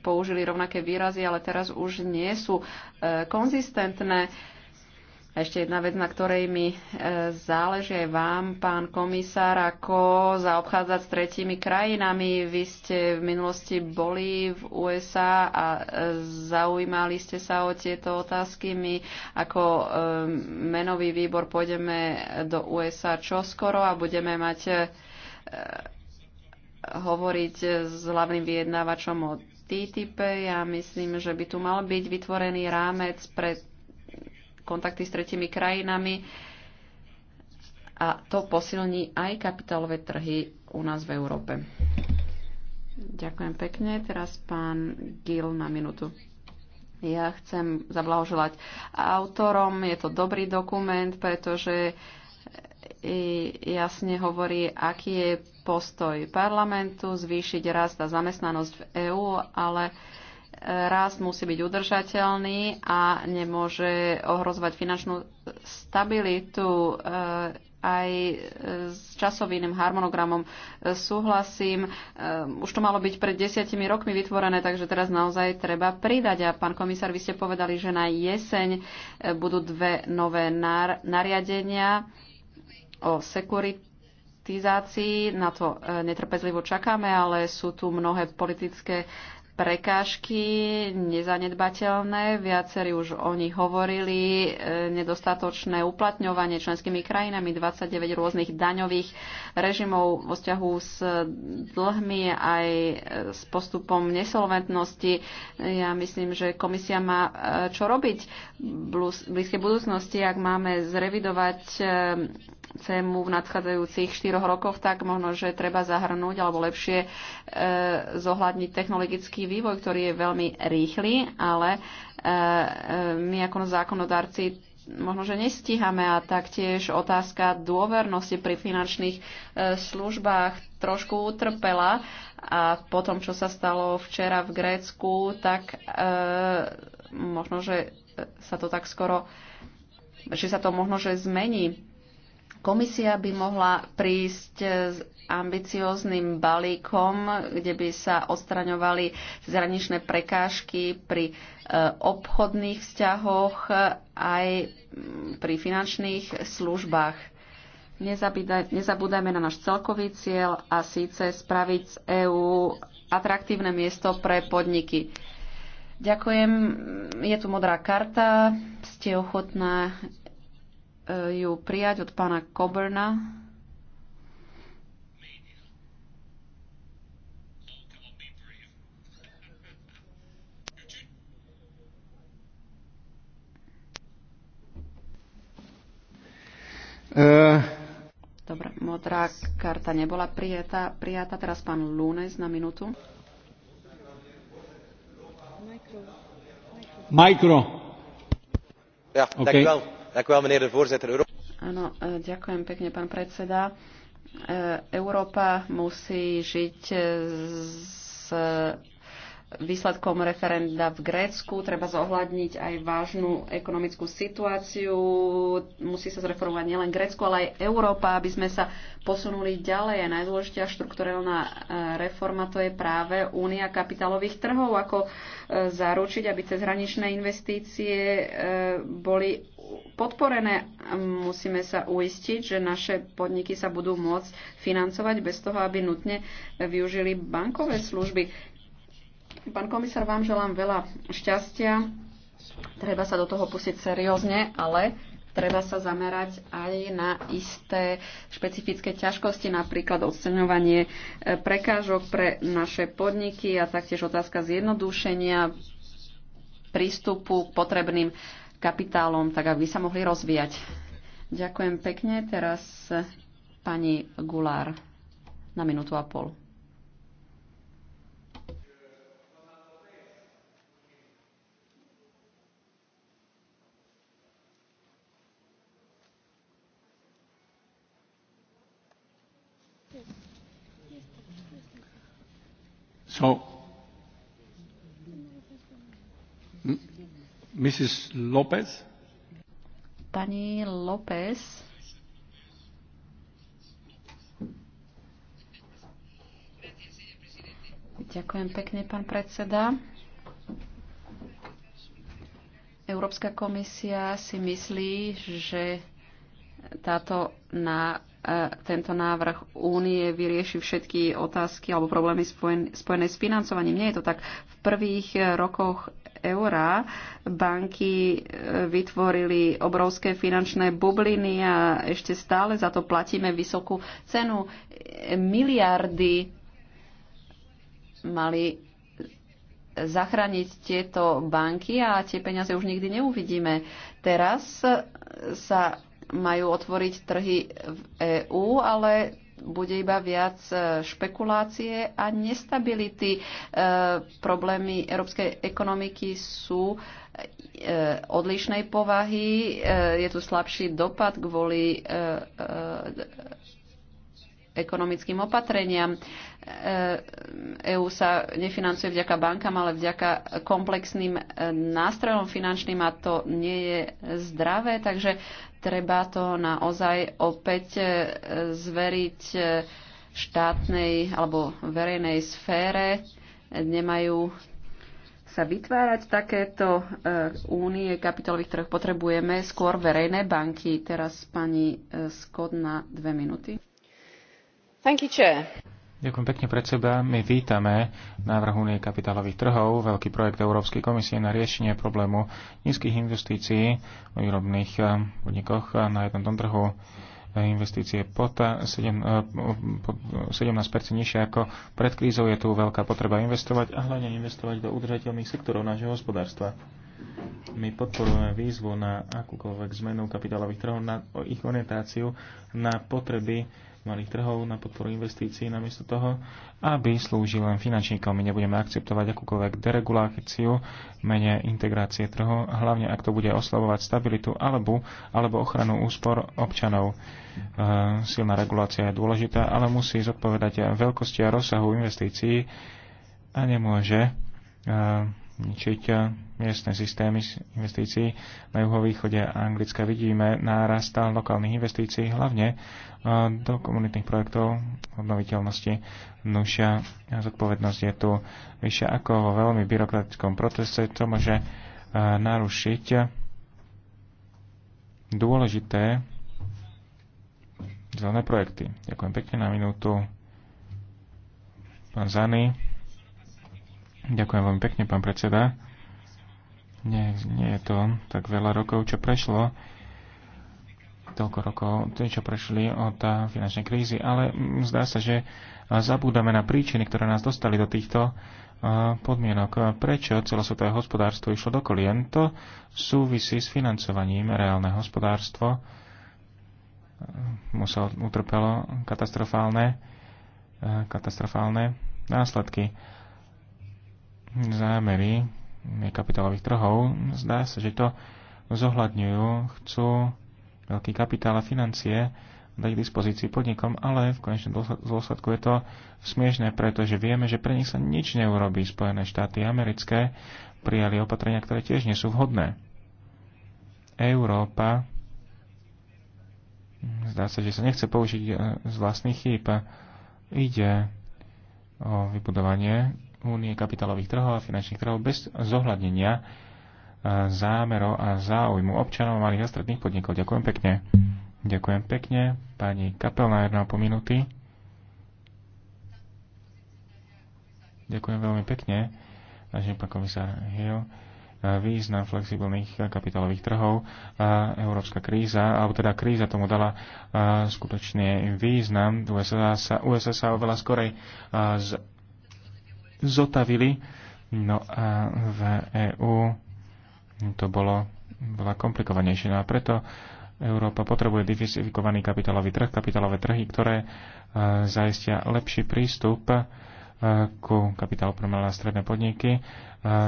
použili rovnaké výrazy, ale teraz už nie sú konzistentné. A ešte jedna vec, na ktorej mi e, záleží aj vám, pán komisár, ako zaobchádzať s tretími krajinami. Vy ste v minulosti boli v USA a e, zaujímali ste sa o tieto otázky. My ako e, menový výbor pôjdeme do USA čoskoro a budeme mať hovoriť s hlavným vyjednávačom o TTIP. Ja myslím, že by tu mal byť vytvorený rámec pre kontakty s tretimi krajinami a to posilní aj kapitálové trhy u nás v Európe. Ďakujem pekne. Teraz pán Gil na minútu. Ja chcem zablahoželať autorom. Je to dobrý dokument, pretože jasne hovorí, aký je postoj parlamentu zvýšiť rast a zamestnanosť v EÚ, ale rast musí byť udržateľný a nemôže ohrozovať finančnú stabilitu e, aj e, s časovým harmonogramom e, súhlasím. Už to malo byť pred desiatimi rokmi vytvorené, takže teraz naozaj treba pridať. A pán komisár, vy ste povedali, že na jeseň budú dve nové nariadenia o sekuritizácii. Na to netrpezlivo čakáme, ale sú tu mnohé politické prekážky nezanedbateľné, viacerí už o nich hovorili, e, nedostatočné uplatňovanie členskými krajinami, 29 rôznych daňových režimov vo vzťahu s dlhmi aj e, s postupom nesolventnosti. Ja myslím, že komisia má e, čo robiť v blízkej budúcnosti, ak máme zrevidovať CEMu v nadchádzajúcich štyroch rokoch, tak možno, že treba zahrnúť alebo lepšie e, zohľadniť technologický vývoj, ktorý je veľmi rýchly, ale e, e, my ako zákonodárci možno, že nestíhame a taktiež otázka dôvernosti pri finančných e, službách trošku utrpela a po tom, čo sa stalo včera v Grécku, tak e, možno, že sa to tak skoro, že sa to možno, že zmení Komisia by mohla prísť s ambicióznym balíkom, kde by sa odstraňovali zahraničné prekážky pri e, obchodných vzťahoch aj mm, pri finančných službách. Nezabúdajme na náš celkový cieľ a síce spraviť z EÚ atraktívne miesto pre podniky. Ďakujem. Je tu modrá karta. Ste ochotná ju prijať od pána Coburna. Eh. Dobre, modrá karta nebola prijata, prijata. Teraz pán Lunes na minútu. Micro. Micro. Ja, okay. Áno, e, ďakujem pekne, pán predseda. E, Európa musí žiť e, s výsledkom referenda v Grécku. Treba zohľadniť aj vážnu ekonomickú situáciu. Musí sa zreformovať nielen Grécko, ale aj Európa, aby sme sa posunuli ďalej. A najdôležitejšia štrukturálna reforma to je práve únia kapitálových trhov, ako zaručiť, aby cezhraničné investície boli podporené. Musíme sa uistiť, že naše podniky sa budú môcť financovať bez toho, aby nutne využili bankové služby. Pán komisár, vám želám veľa šťastia. Treba sa do toho pustiť seriózne, ale treba sa zamerať aj na isté špecifické ťažkosti, napríklad odstraňovanie e, prekážok pre naše podniky a taktiež otázka zjednodušenia prístupu k potrebným kapitálom, tak aby sa mohli rozvíjať. Ďakujem pekne. Teraz eh, pani Gulár na minútu a pol. So Mrs. López. Pani López. Ďakujem pekne, pán predseda. Európska komisia si myslí, že táto na, e, tento návrh únie vyrieši všetky otázky alebo problémy spojené s financovaním. Nie je to tak. V prvých rokoch eurá. Banky e, vytvorili obrovské finančné bubliny a ešte stále za to platíme vysokú cenu. Miliardy mali zachrániť tieto banky a tie peniaze už nikdy neuvidíme. Teraz sa majú otvoriť trhy v EÚ, ale bude iba viac e, špekulácie a nestability. E, problémy európskej ekonomiky sú e, odlišnej povahy. Je tu slabší dopad kvôli ekonomickým opatreniam. EÚ e sa nefinancuje vďaka bankám, ale vďaka komplexným e, nástrojom finančným a to nie je zdravé, takže treba to naozaj opäť e, zveriť štátnej alebo verejnej sfére. Nemajú sa vytvárať takéto únie kapitolových trh potrebujeme skôr verejné banky. Teraz pani Skod na dve minúty. You, Ďakujem pekne pred seba. My vítame návrh Unie kapitálových trhov, veľký projekt Európskej komisie na riešenie problému nízkych investícií v výrobných eh, podnikoch na jednom trhu eh, investície pod 7, eh, pod 17% nižšie ako pred krízou. Je tu veľká potreba investovať a hlavne investovať do udržateľných sektorov nášho hospodárstva. My podporujeme výzvu na akúkoľvek zmenu kapitálových trhov, na ich orientáciu na potreby malých trhov na podporu investícií namiesto toho, aby slúžil len finančníkom. My nebudeme akceptovať akúkoľvek dereguláciu, menej integrácie trhu, hlavne ak to bude oslavovať stabilitu alebo, alebo ochranu úspor občanov. E, silná regulácia je dôležitá, ale musí zodpovedať veľkosti a rozsahu investícií a nemôže e, ničiť miestne systémy investícií na juhovýchode Anglicka vidíme nárast lokálnych investícií, hlavne e, do komunitných projektov obnoviteľnosti. a zodpovednosť je tu vyššia ako vo veľmi byrokratickom procese, čo môže e, narušiť dôležité zelené projekty. Ďakujem pekne na minútu. Pán Zany. Ďakujem veľmi pekne, pán predseda nie, nie je to tak veľa rokov, čo prešlo, toľko rokov, čo prešli od tá eh, finančnej krízy, ale mm, zdá sa, že eh, zabúdame na príčiny, ktoré nás dostali do týchto eh, podmienok. Prečo celosvetové hospodárstvo išlo do kolien? To súvisí s financovaním reálne hospodárstvo. Musel, utrpelo katastrofálne, katastrofálne následky. Zámery kapitálových trhov. Zdá sa, že to zohľadňujú, chcú veľký kapitál a financie dať k dispozícii podnikom, ale v konečnom dôsledku je to smiešné, pretože vieme, že pre nich sa nič neurobí. Spojené štáty americké prijali opatrenia, ktoré tiež nie sú vhodné. Európa zdá sa, že sa nechce použiť e, z vlastných chýb. Ide o vybudovanie únie kapitálových trhov a finančných trhov bez zohľadnenia e, zámerov a záujmu občanov malých a stredných podnikov. Ďakujem pekne. Ďakujem pekne. Pani Kapelná, jedna po minúty. Ďakujem veľmi pekne, vážený pán komisár Hill. E, význam flexibilných kapitálových trhov. Európska kríza, alebo teda kríza tomu dala e, skutočne význam. USA sa, USA sa oveľa skorej z zotavili. No a v EÚ to bolo bola komplikovanejšie. No a preto Európa potrebuje diversifikovaný kapitálový trh, kapitálové trhy, ktoré e, zaistia lepší prístup e, ku kapitálu pre malé a stredné podniky. E,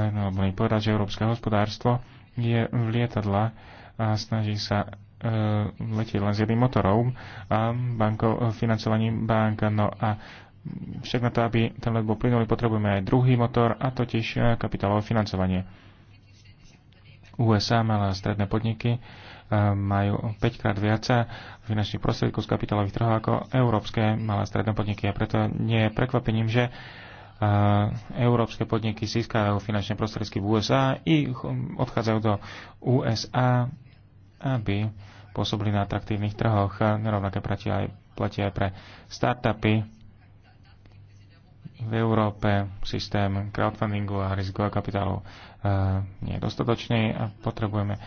no, budem povedať, že európske hospodárstvo je v lietadla a snaží sa letieť len s jedným motorom a bankov, financovaním bank. No a však na to, aby ten let bol plynulý, potrebujeme aj druhý motor, a totiž e, kapitálové financovanie. USA, malé a stredné podniky, e, majú 5 krát viac finančných prostriedkov z kapitálových trhov ako európske malé a stredné podniky. A preto nie je prekvapením, že e, európske podniky získajú finančné prostriedky v USA i odchádzajú do USA, aby pôsobili na atraktívnych trhoch. Nerovnaké platia aj, platia aj pre startupy, v Európe systém crowdfundingu a rizikového kapitálu e, nie je dostatočný a potrebujeme e,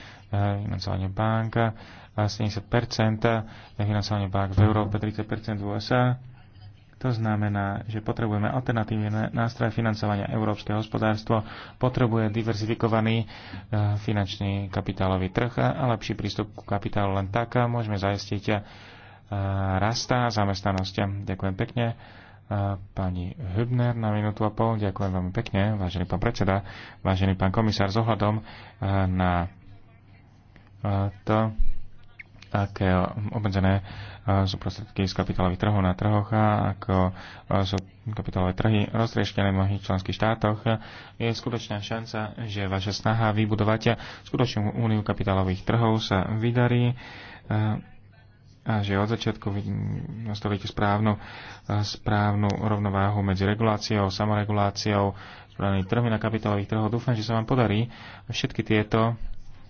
financovanie bank, a 70% financovanie bank v Európe, 30% v USA. To znamená, že potrebujeme alternatívny nástroj financovania európske hospodárstvo, potrebuje diverzifikovaný e, finančný kapitálový trh a lepší prístup k kapitálu len tak môžeme zajistiť e, rasta a zamestnanosť. Ďakujem pekne pani Hübner na minútu a pol. Ďakujem veľmi pekne, vážený pán predseda, vážený pán komisár, s ohľadom e, na e, to, aké obmedzené e, sú prostriedky z kapitálových trhov na trhoch a ako sú kapitálové trhy roztrieštené v mnohých členských štátoch, je skutočná šanca, že vaša snaha vybudovať skutočnú úniu kapitálových trhov sa vydarí a že od začiatku nastavíte správnu, eh, správnu rovnováhu medzi reguláciou, samoreguláciou, správnymi trhmi na kapitálových trhoch. Dúfam, že sa vám podarí všetky tieto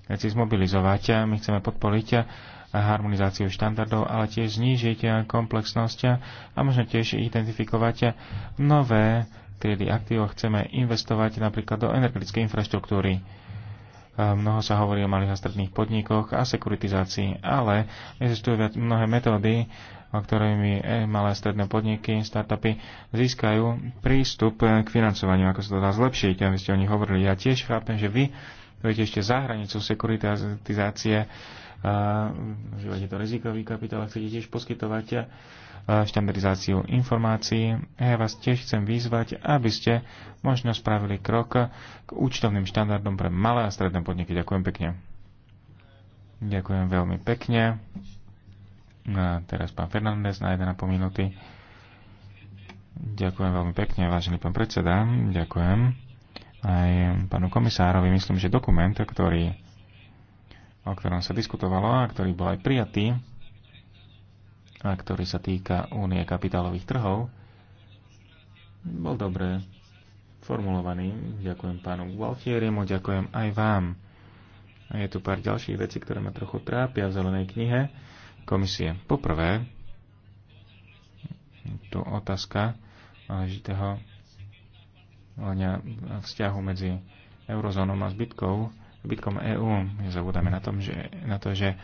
veci zmobilizovať. My chceme podporiť harmonizáciu štandardov, ale tiež znížiť komplexnosť a možno tiež identifikovať nové triedy aktív. Chceme investovať napríklad do energetickej infraštruktúry Mnoho sa hovorí o malých a stredných podnikoch a sekuritizácii, ale existujú mnohé metódy, o ktorými e, malé a stredné podniky, startupy získajú prístup k financovaniu, ako sa to dá zlepšiť. aby ste o nich hovorili. Ja tiež chápem, že vy Viete ešte za hranicu sekuritizácie, užívate to rizikový kapitál a chcete tiež poskytovať štandardizáciu informácií. Ja vás tiež chcem vyzvať, aby ste možno spravili krok k účtovným štandardom pre malé a stredné podniky. Ďakujem pekne. Ďakujem veľmi pekne. A teraz pán Fernández na 1,5 minúty. Ďakujem veľmi pekne, vážený pán predseda. Ďakujem aj pánu komisárovi. Myslím, že dokument, ktorý, o ktorom sa diskutovalo a ktorý bol aj prijatý a ktorý sa týka únie kapitálových trhov, bol dobre formulovaný. Ďakujem pánu Gualtieriemu, ďakujem aj vám. A je tu pár ďalších vecí, ktoré ma trochu trápia v zelenej knihe komisie. Poprvé, tu otázka náležitého vzťahu medzi eurozónou a zbytkou, zbytkom EÚ. Nezabúdame na, tom, že, na to, že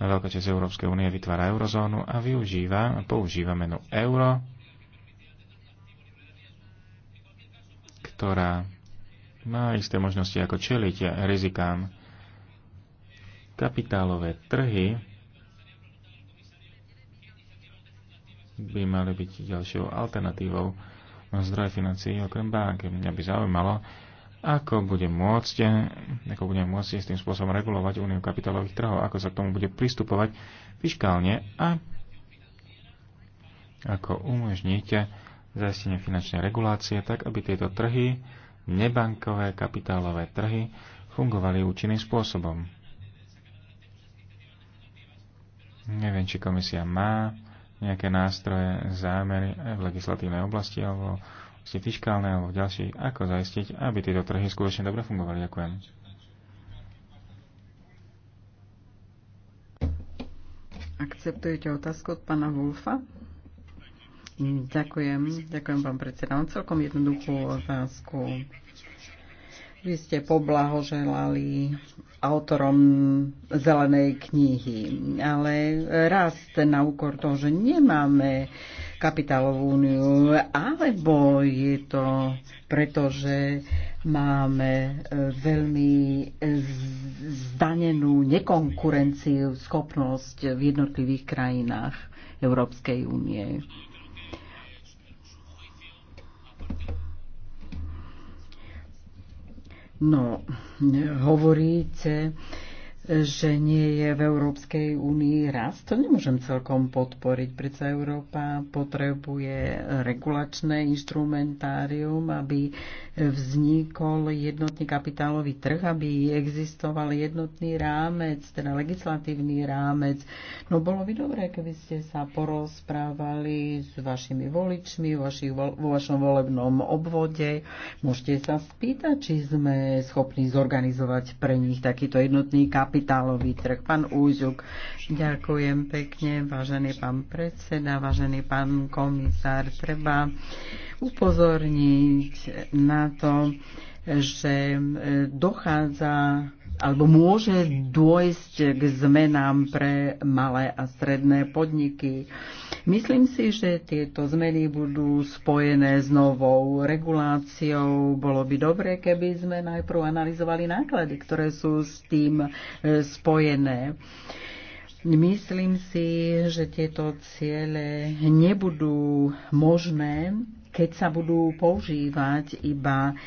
veľká časť Európskej únie vytvára eurozónu a využíva, používa menu euro, ktorá má isté možnosti ako čeliť rizikám. Kapitálové trhy by mali byť ďalšou alternatívou zdroje financií okrem bank. Mňa by zaujímalo, ako bude môcť, ako bude môcť s tým spôsobom regulovať úniu kapitálových trhov, ako sa k tomu bude pristupovať fiskálne a ako umožníte zaistenie finančnej regulácie, tak aby tieto trhy, nebankové kapitálové trhy, fungovali účinným spôsobom. Neviem, či komisia má nejaké nástroje, zámery aj v legislatívnej oblasti alebo vlastne fiskálnej alebo v ďalších, ako zaistiť, aby tieto trhy skutočne dobre fungovali. Ďakujem. Akceptujete otázku od pána Wolfa? Hm, ďakujem, ďakujem pán predseda. Mám celkom jednoduchú otázku. Vy ste poblahoželali autorom zelenej knihy, ale rast na úkor toho, že nemáme kapitálovú úniu, alebo je to preto, že máme e, veľmi zdanenú nekonkurenciu, schopnosť v jednotlivých krajinách Európskej únie. No, hovoríte že nie je v Európskej únii rast. To nemôžem celkom podporiť. Prečo Európa potrebuje regulačné instrumentárium, aby vznikol jednotný kapitálový trh, aby existoval jednotný rámec, teda legislatívny rámec. No bolo by dobré, keby ste sa porozprávali s vašimi voličmi vašich, vo vašom volebnom obvode. Môžete sa spýtať, či sme schopní zorganizovať pre nich takýto jednotný kapitál kapitálový trh. Pán Úzuk, ďakujem pekne, vážený pán predseda, vážený pán komisár. Treba upozorniť na to, že dochádza alebo môže dôjsť k zmenám pre malé a stredné podniky. Myslím si, že tieto zmeny budú spojené s novou reguláciou. Bolo by dobre, keby sme najprv analyzovali náklady, ktoré sú s tým e, spojené. Myslím si, že tieto ciele nebudú možné keď sa budú používať iba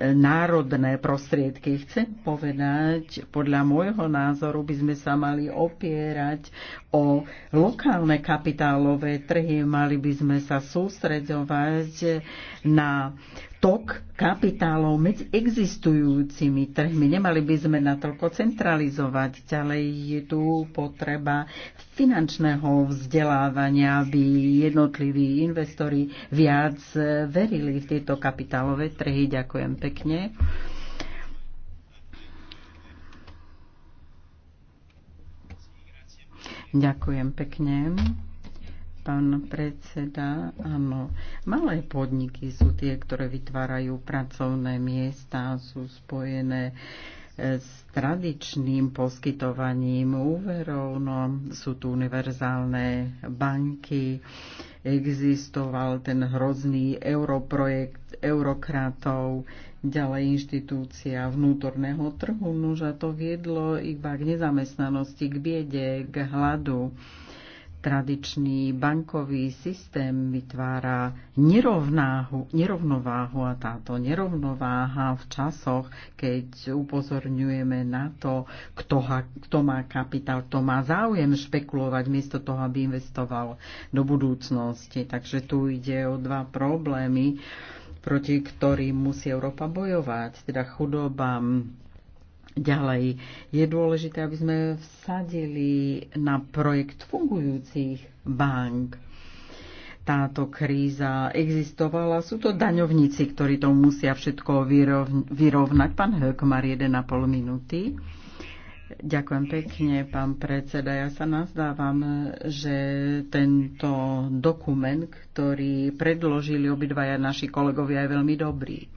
národné prostriedky. Chcem povedať, podľa môjho názoru by sme sa mali opierať o lokálne kapitálové trhy, mali by sme sa sústreďovať na tok kapitálov medzi existujúcimi trhmi. Nemali by sme natoľko centralizovať. Ďalej je tu potreba finančného vzdelávania, aby jednotliví investori viac verili v tieto kapitálové trhy. Ďakujem pekne. Ďakujem pekne pán predseda. Áno, malé podniky sú tie, ktoré vytvárajú pracovné miesta, sú spojené e, s tradičným poskytovaním úverov, no, sú tu univerzálne banky, existoval ten hrozný europrojekt eurokratov, ďalej inštitúcia vnútorného trhu, a to viedlo iba k nezamestnanosti, k biede, k hladu Tradičný bankový systém vytvára nerovnáhu, nerovnováhu a táto nerovnováha v časoch, keď upozorňujeme na to, kto, ha, kto má kapitál, kto má záujem špekulovať miesto toho, aby investoval do budúcnosti. Takže tu ide o dva problémy, proti ktorým musí Európa bojovať, teda chudoba, Ďalej, je dôležité, aby sme vsadili na projekt fungujúcich bank. Táto kríza existovala, sú to daňovníci, ktorí to musia všetko vyrovnať. Pán Hökmar, 1,5 minúty. Ďakujem pekne, pán predseda. Ja sa nazdávam, že tento dokument, ktorý predložili obidvaja naši kolegovia, je veľmi dobrý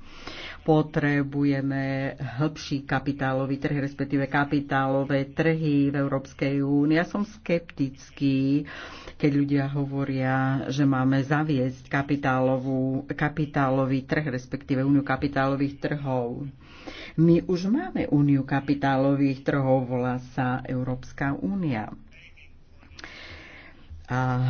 potrebujeme hĺbší kapitálový trh, respektíve kapitálové trhy v Európskej únii. Ja som skeptický, keď ľudia hovoria, že máme zaviesť kapitálovú, kapitálový trh, respektíve úniu kapitálových trhov. My už máme úniu kapitálových trhov, volá sa Európska únia. A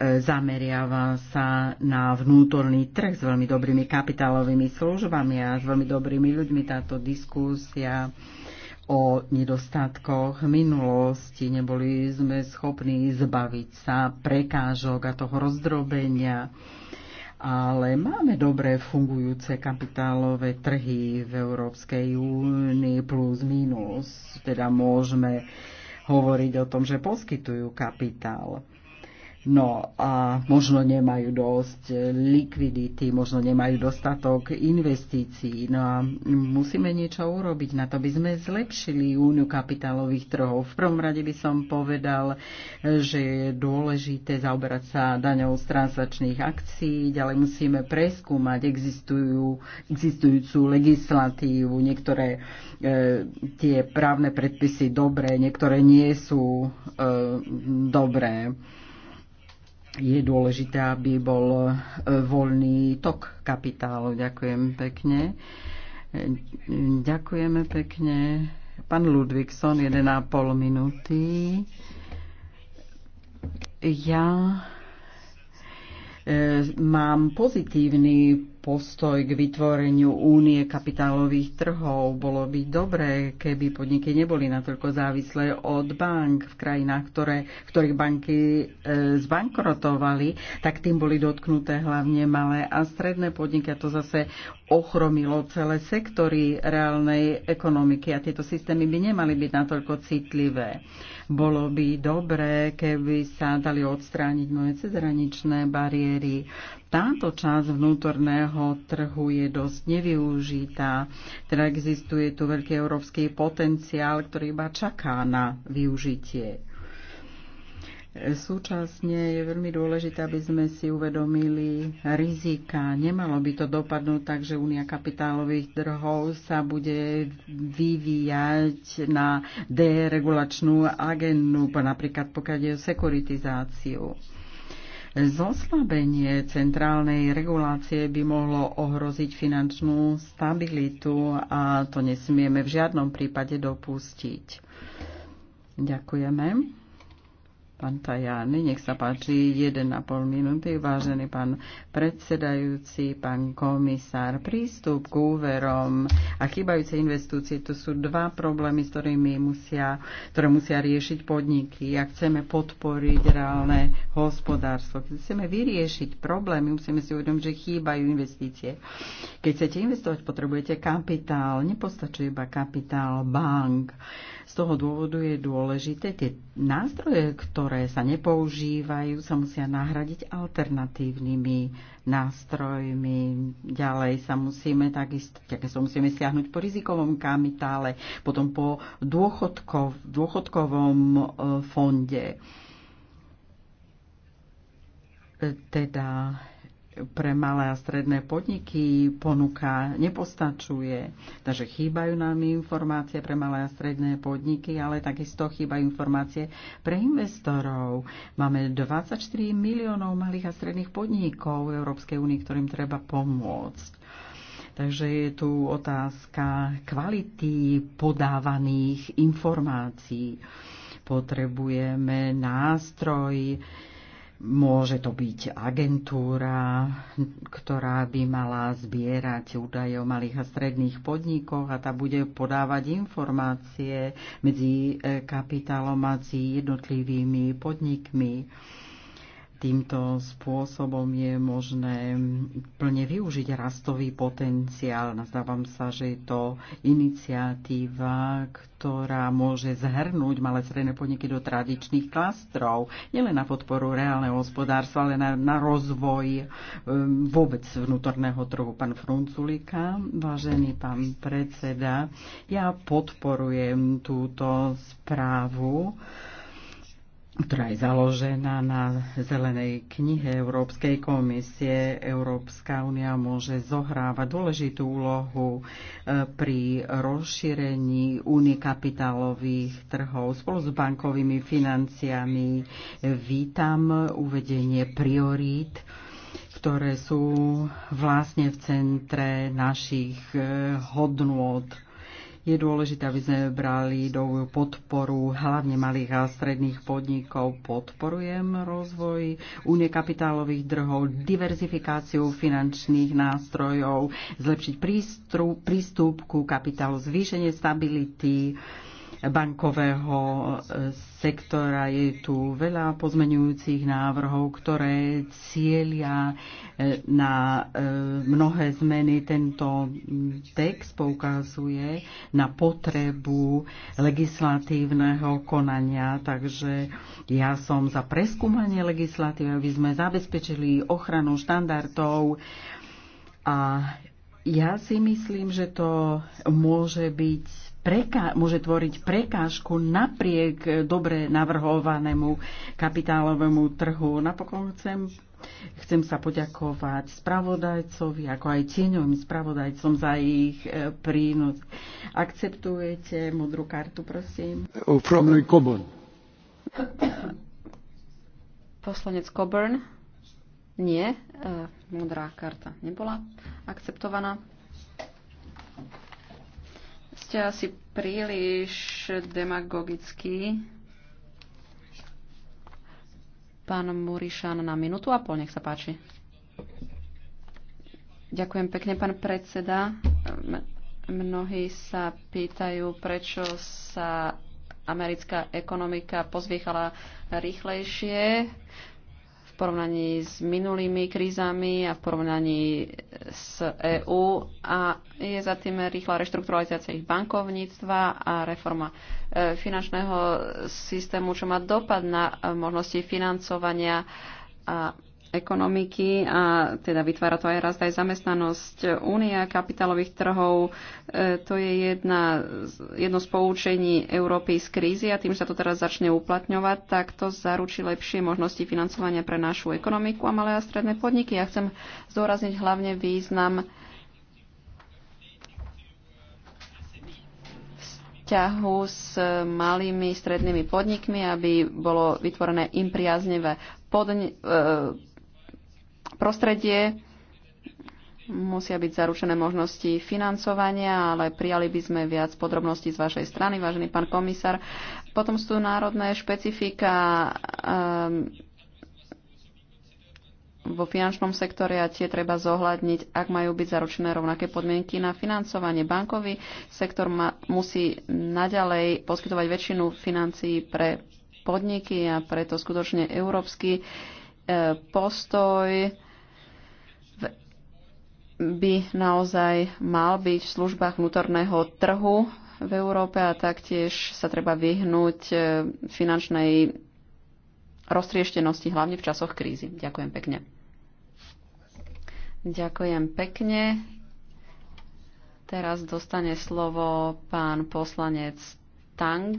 zameriava sa na vnútorný trh s veľmi dobrými kapitálovými službami a s veľmi dobrými ľuďmi. Táto diskusia o nedostatkoch minulosti. Neboli sme schopní zbaviť sa prekážok a toho rozdrobenia. Ale máme dobre fungujúce kapitálové trhy v Európskej únii plus minus. Teda môžeme hovoriť o tom, že poskytujú kapitál. No a možno nemajú dosť likvidity, možno nemajú dostatok investícií. No a musíme niečo urobiť na to, by sme zlepšili úniu kapitálových trhov. V prvom rade by som povedal, že je dôležité zaoberať sa daňou z transačných akcií, ďalej musíme preskúmať existujú, existujúcu legislatívu, niektoré e, tie právne predpisy dobré, niektoré nie sú e, dobré je dôležité, aby bol e, voľný tok kapitálu. Ďakujem pekne. Ďakujeme pekne. Pán Ludvíkson, 1,5 minúty. Ja e, mám pozitívny postoj k vytvoreniu únie kapitálových trhov. Bolo by dobré, keby podniky neboli natoľko závislé od bank v krajinách, ktoré, ktorých banky e, zbankrotovali, tak tým boli dotknuté hlavne malé a stredné podniky a to zase ochromilo celé sektory reálnej ekonomiky a tieto systémy by nemali byť natoľko citlivé. Bolo by dobré, keby sa dali odstrániť mnohé cezhraničné bariéry táto časť vnútorného trhu je dosť nevyužitá. Teda existuje tu veľký európsky potenciál, ktorý iba čaká na využitie. Súčasne je veľmi dôležité, aby sme si uvedomili rizika. Nemalo by to dopadnúť tak, že Únia kapitálových trhov sa bude vyvíjať na deregulačnú agendu, napríklad pokiaľ je o sekuritizáciu. Zoslabenie centrálnej regulácie by mohlo ohroziť finančnú stabilitu a to nesmieme v žiadnom prípade dopustiť. Ďakujeme. Pán Tajani, nech sa páči 1,5 minúty. Vážený pán predsedajúci, pán komisár, prístup k úverom a chýbajúce investúcie, to sú dva problémy, s ktorými musia, ktoré musia riešiť podniky. Ak chceme podporiť reálne hospodárstvo, keď chceme vyriešiť problémy, musíme si uvedomiť, že chýbajú investície. Keď chcete investovať, potrebujete kapitál. Nepostačuje iba kapitál bank. Z toho dôvodu je dôležité, tie nástroje, ktoré sa nepoužívajú, sa musia nahradiť alternatívnymi nástrojmi. Ďalej sa musíme takisto, takisto musíme siahnuť po rizikovom kapitále, potom po dôchodkov, dôchodkovom e, fonde. E, teda pre malé a stredné podniky ponuka nepostačuje. Takže chýbajú nám informácie pre malé a stredné podniky, ale takisto chýbajú informácie pre investorov. Máme 24 miliónov malých a stredných podnikov v Európskej únii, ktorým treba pomôcť. Takže je tu otázka kvality podávaných informácií. Potrebujeme nástroj, Môže to byť agentúra, ktorá by mala zbierať údaje o malých a stredných podnikoch a tá bude podávať informácie medzi e, kapitálom a medzi jednotlivými podnikmi Týmto spôsobom je možné plne využiť rastový potenciál. Nazdávam sa, že je to iniciatíva, ktorá môže zhrnúť malé stredné podniky do tradičných klastrov. Nielen na podporu reálneho hospodárstva, ale na, na rozvoj um, vôbec vnútorného trhu. Pán Frunculika, vážený pán predseda, ja podporujem túto správu ktorá je založená na zelenej knihe Európskej komisie. Európska únia môže zohrávať dôležitú úlohu e, pri rozšírení únie kapitálových trhov spolu s bankovými financiami. Vítam uvedenie priorít ktoré sú vlastne v centre našich e, hodnôt je dôležité, aby sme brali do podporu hlavne malých a stredných podnikov. Podporujem rozvoj únie kapitálových drhov, diverzifikáciu finančných nástrojov, zlepšiť prístup, prístup ku kapitálu, zvýšenie stability, bankového e, sektora. Je tu veľa pozmenujúcich návrhov, ktoré cieľia e, na e, mnohé zmeny. Tento text poukazuje na potrebu legislatívneho konania, takže ja som za preskúmanie legislatívy, aby sme zabezpečili ochranu štandardov a ja si myslím, že to môže byť preka- môže tvoriť prekážku napriek dobre navrhovanému kapitálovému trhu. Napokon chcem, chcem sa poďakovať spravodajcovi, ako aj tieňovým spravodajcom za ich e, prínos. Akceptujete modrú kartu, prosím? From oh, Coburn. Poslanec Coburn? Nie, e, modrá karta nebola akceptovaná ste asi príliš demagogický. Pán Murišan na minútu a pol, nech sa páči. Ďakujem pekne, pán predseda. Mnohí sa pýtajú, prečo sa americká ekonomika pozviechala rýchlejšie porovnaní s minulými krízami a v porovnaní s EÚ a je za tým rýchla reštrukturalizácia ich bankovníctva a reforma e, finančného systému, čo má dopad na e, možnosti financovania a ekonomiky a teda vytvára to aj rast aj zamestnanosť. Únia kapitálových trhov, e, to je jedna, jedno z poučení Európy z krízy a tým, že sa to teraz začne uplatňovať, tak to zaručí lepšie možnosti financovania pre našu ekonomiku a malé a stredné podniky. Ja chcem zdôrazniť hlavne význam vzťahu s malými strednými podnikmi, aby bolo vytvorené im priaznevé e, prostredie, musia byť zaručené možnosti financovania, ale prijali by sme viac podrobností z vašej strany, vážený pán komisár. Potom sú národné špecifika um, vo finančnom sektore a tie treba zohľadniť, ak majú byť zaručené rovnaké podmienky na financovanie. Bankový sektor ma, musí naďalej poskytovať väčšinu financií pre podniky a preto skutočne európsky uh, postoj by naozaj mal byť v službách vnútorného trhu v Európe a taktiež sa treba vyhnúť e, finančnej roztrieštenosti, hlavne v časoch krízy. Ďakujem pekne. Ďakujem pekne. Teraz dostane slovo pán poslanec Tang.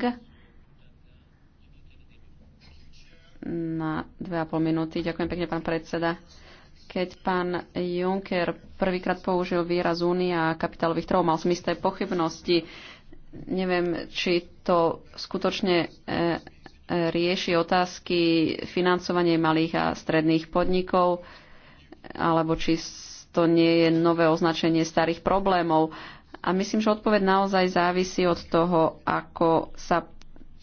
na 2,5 minúty. Ďakujem pekne, pán predseda. Keď pán Juncker prvýkrát použil výraz únia kapitálových trhov, mal som isté pochybnosti. Neviem, či to skutočne e, e, rieši otázky financovania malých a stredných podnikov, alebo či to nie je nové označenie starých problémov. A myslím, že odpoveď naozaj závisí od toho, ako sa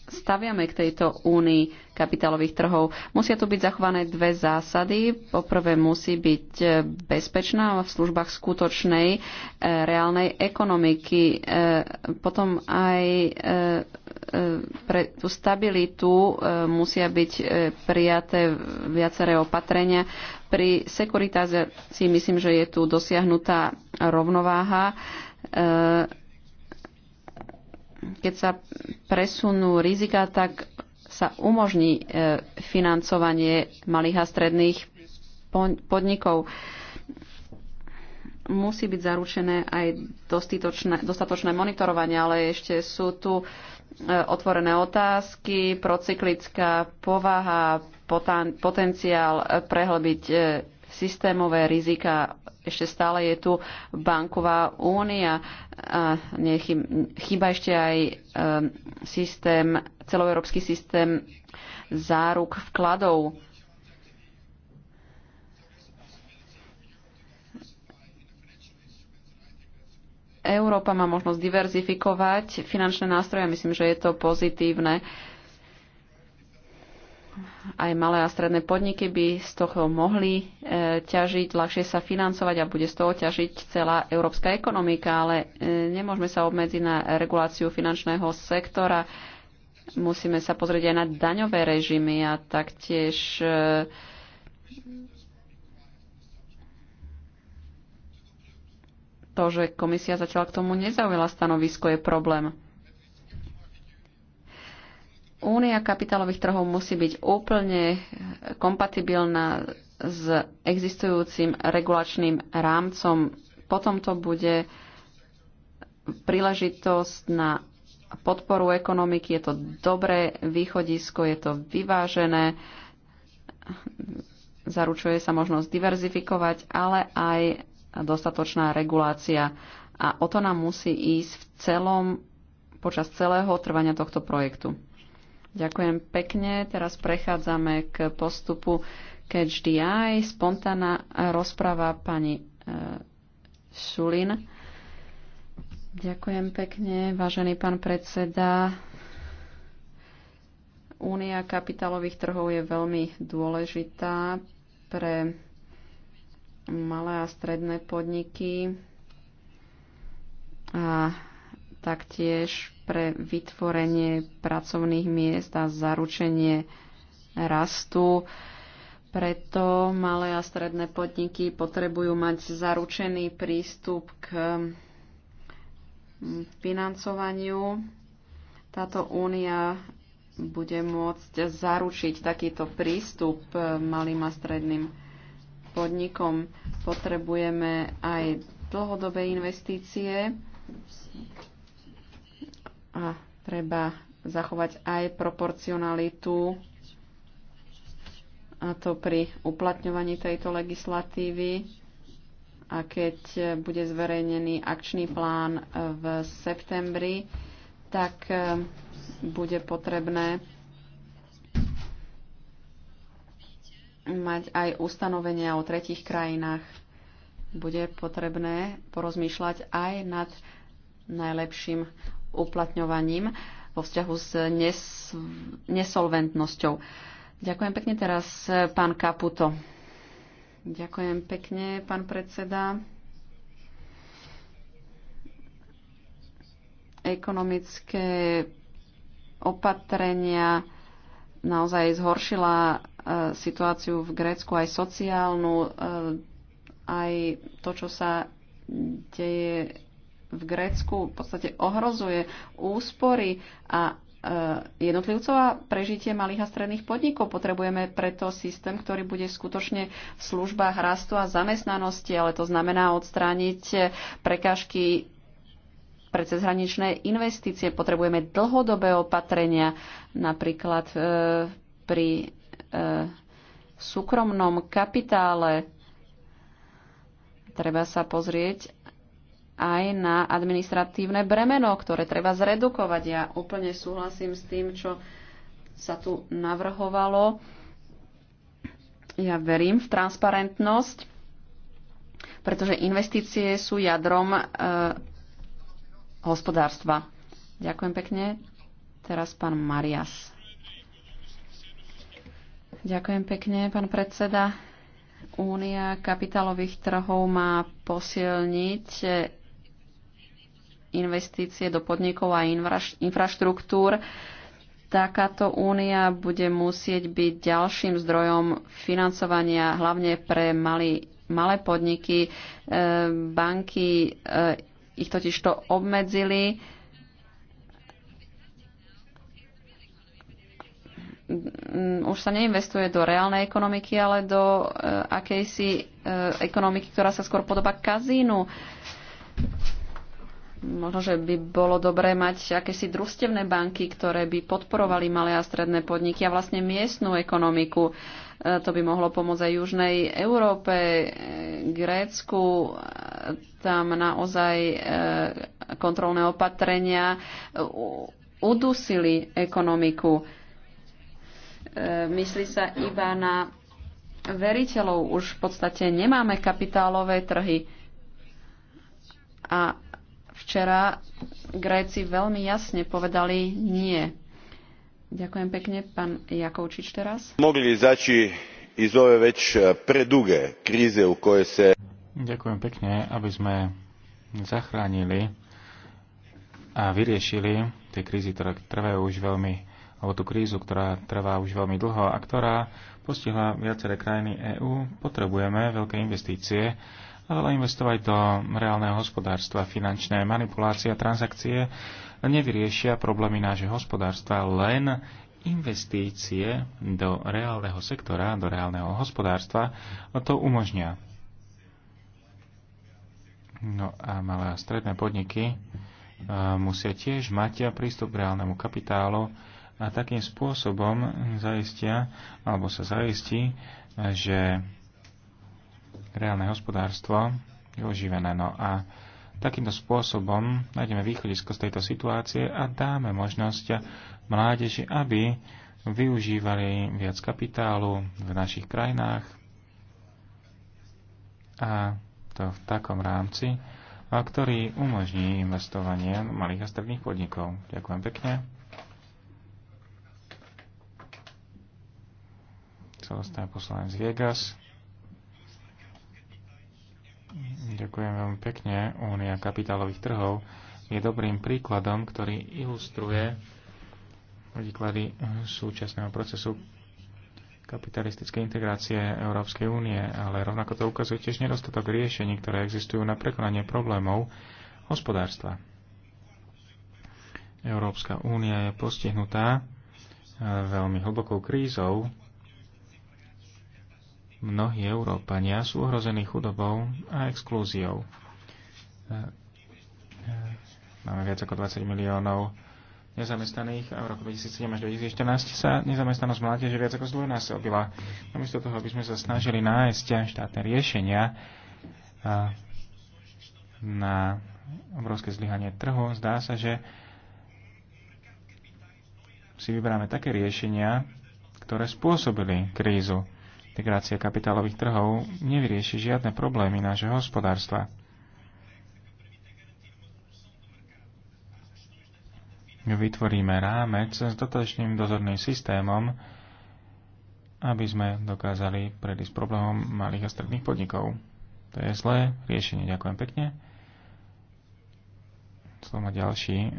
staviame k tejto únii kapitálových trhov. Musia tu byť zachované dve zásady. Poprvé musí byť e, bezpečná v službách skutočnej e, reálnej ekonomiky. E, potom aj pre tú stabilitu musia byť prijaté viaceré opatrenia. Pri sekuritácii myslím, že je tu dosiahnutá rovnováha keď sa presunú rizika, tak sa umožní e, financovanie malých a stredných podnikov. Musí byť zaručené aj dostatočné monitorovanie, ale ešte sú tu e, otvorené otázky, procyklická povaha, potenciál e, prehlbiť systémové rizika. Ešte stále je tu banková únia a chýba ešte aj e, systém, celoeurópsky systém záruk vkladov. Európa má možnosť diverzifikovať finančné nástroje. Myslím, že je to pozitívne. Uh, aj malé a stredné podniky by z toho mohli e, ťažiť, ľahšie sa financovať a bude z toho ťažiť celá európska ekonomika, ale e, nemôžeme sa obmedziť na reguláciu finančného sektora. Musíme sa pozrieť aj na daňové režimy a taktiež e, to, že komisia zatiaľ k tomu nezaujala stanovisko, je problém. Únia kapitálových trhov musí byť úplne kompatibilná s existujúcim regulačným rámcom. Potom to bude príležitosť na podporu ekonomiky. Je to dobré východisko, je to vyvážené, zaručuje sa možnosť diverzifikovať, ale aj dostatočná regulácia. A o to nám musí ísť v celom, počas celého trvania tohto projektu. Ďakujem pekne. Teraz prechádzame k postupu Catch the Eye. Spontánna rozpráva pani Šulin. Eh, Ďakujem pekne, vážený pán predseda. Únia kapitálových trhov je veľmi dôležitá pre malé a stredné podniky a taktiež pre vytvorenie pracovných miest a zaručenie rastu. Preto malé a stredné podniky potrebujú mať zaručený prístup k financovaniu. Táto únia bude môcť zaručiť takýto prístup malým a stredným podnikom. Potrebujeme aj dlhodobé investície a treba zachovať aj proporcionalitu a to pri uplatňovaní tejto legislatívy a keď bude zverejnený akčný plán v septembri, tak e, bude potrebné mať aj ustanovenia o tretich krajinách. Bude potrebné porozmýšľať aj nad najlepším uplatňovaním vo vzťahu s nes- nesolventnosťou. Ďakujem pekne teraz pán Kaputo. Ďakujem pekne, pán predseda. Ekonomické opatrenia naozaj zhoršila e, situáciu v Grécku, aj sociálnu, e, aj to, čo sa deje v Grécku v podstate ohrozuje úspory a e, jednotlivcov a prežitie malých a stredných podnikov. Potrebujeme preto systém, ktorý bude skutočne v službách rastu a zamestnanosti, ale to znamená odstrániť prekážky pre cezhraničné investície. Potrebujeme dlhodobé opatrenia, napríklad e, pri e, súkromnom kapitále. Treba sa pozrieť aj na administratívne bremeno, ktoré treba zredukovať. Ja úplne súhlasím s tým, čo sa tu navrhovalo. Ja verím v transparentnosť, pretože investície sú jadrom e, hospodárstva. Ďakujem pekne. Teraz pán Marias. Ďakujem pekne, pán predseda. Únia kapitálových trhov má posilniť investície do podnikov a infraštruktúr. Takáto únia bude musieť byť ďalším zdrojom financovania hlavne pre mali, malé podniky. E, banky e, ich totiž to obmedzili. Mm, už sa neinvestuje do reálnej ekonomiky, ale do e, akejsi ekonomiky, ktorá sa skôr podoba kazínu. Možno, že by bolo dobré mať akési družstevné banky, ktoré by podporovali malé a stredné podniky a vlastne miestnú ekonomiku. E, to by mohlo pomôcť aj Južnej Európe, e, Grécku. Tam naozaj e, kontrolné opatrenia udusili ekonomiku. Myslí sa iba na veriteľov. Už v podstate nemáme kapitálové trhy. A Včera Gréci veľmi jasne povedali nie. Ďakujem pekne, pán Jakovčič teraz. Mogli zači iz ove več eh, preduge kríze, u koje se... Ďakujem pekne, aby sme zachránili a vyriešili tie krízy, ktoré trvajú už veľmi, alebo tú krízu, ktorá trvá už veľmi dlho a ktorá postihla viaceré krajiny EÚ, potrebujeme veľké investície ale investovať do reálneho hospodárstva. Finančné manipulácie a transakcie nevyriešia problémy nášho hospodárstva, len investície do reálneho sektora, do reálneho hospodárstva to umožňa. No a malé a stredné podniky e, musia tiež mať prístup k reálnemu kapitálu a takým spôsobom zaistia, alebo sa zaistí, že reálne hospodárstvo je oživené. No a takýmto spôsobom nájdeme východisko z tejto situácie a dáme možnosť mládeži, aby využívali viac kapitálu v našich krajinách a to v takom rámci, a ktorý umožní investovanie malých a stredných podnikov. Ďakujem pekne. Celostá poslanec Viegas. Ďakujem veľmi pekne. Únia kapitálových trhov je dobrým príkladom, ktorý ilustruje príklady súčasného procesu kapitalistickej integrácie Európskej únie, ale rovnako to ukazuje tiež nedostatok riešení, ktoré existujú na prekonanie problémov hospodárstva. Európska únia je postihnutá veľmi hlbokou krízou, Mnohí Európania sú ohrození chudobou a exklúziou. E, e, máme viac ako 20 miliónov nezamestnaných a v roku 2007 až 2014 sa nezamestnanosť mládeže viac ako zdvojnásobila. Namiesto toho, aby sme sa snažili nájsť štátne riešenia e, na obrovské zlyhanie trhu, zdá sa, že si vyberáme také riešenia, ktoré spôsobili krízu. Integrácia kapitálových trhov nevyrieši žiadne problémy nášho hospodárstva. Vytvoríme rámec s dotačným dozorným systémom, aby sme dokázali predísť problémom malých a stredných podnikov. To je zlé riešenie. Ďakujem pekne. Slovo má ďalší e,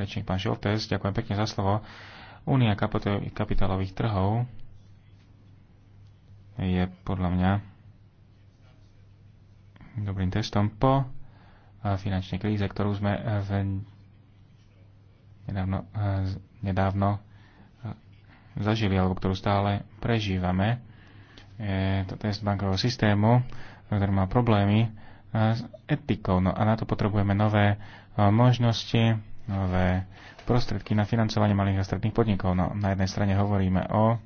rečník pán Šoltes. Ďakujem pekne za slovo. Únia kapitálových trhov je podľa mňa dobrým testom po eh, finančnej kríze, ktorú sme eh, v nedávno, eh, nedávno zažili, alebo ktorú stále prežívame. Je to test bankového systému, ktorý má problémy s etikou. No a na to potrebujeme nové možnosti, nové prostriedky na financovanie malých a stredných podnikov. No, na jednej strane hovoríme o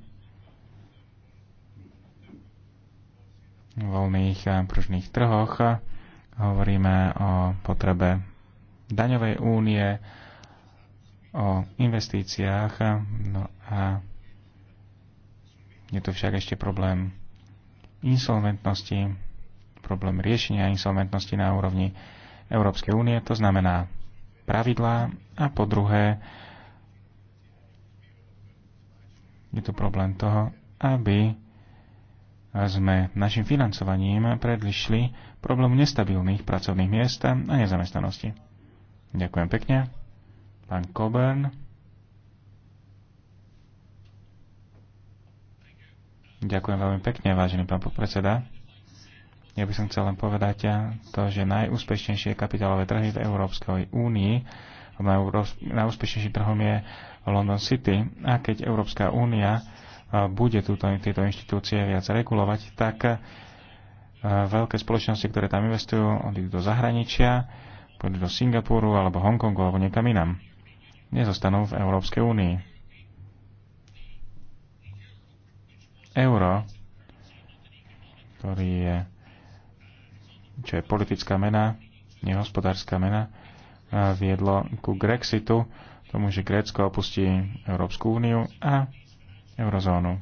voľných eh, pružných trhoch. Hovoríme o potrebe daňovej únie, o investíciách. No a je tu však ešte problém insolventnosti, problém riešenia insolventnosti na úrovni Európskej únie. To znamená pravidlá a po druhé je tu problém toho, aby sme našim financovaním predlišli problém nestabilných pracovných miest a nezamestnanosti. Ďakujem pekne. Pán Coburn. Ďakujem veľmi pekne, vážený pán podpredseda. Ja by som chcel len povedať to, že najúspešnejšie kapitálové trhy v Európskej únii najúspešnejším trhom je London City. A keď Európska únia bude túto, tieto inštitúcie viac regulovať, tak e, veľké spoločnosti, ktoré tam investujú, odídu do zahraničia, pôjdu do Singapuru alebo Hongkongu alebo niekam inam. Nezostanú v Európskej únii. Euro, ktorý je, čo je politická mena, nehospodárska mena, e, viedlo ku Grexitu, tomu, že Grécko opustí Európsku úniu a eurozónu.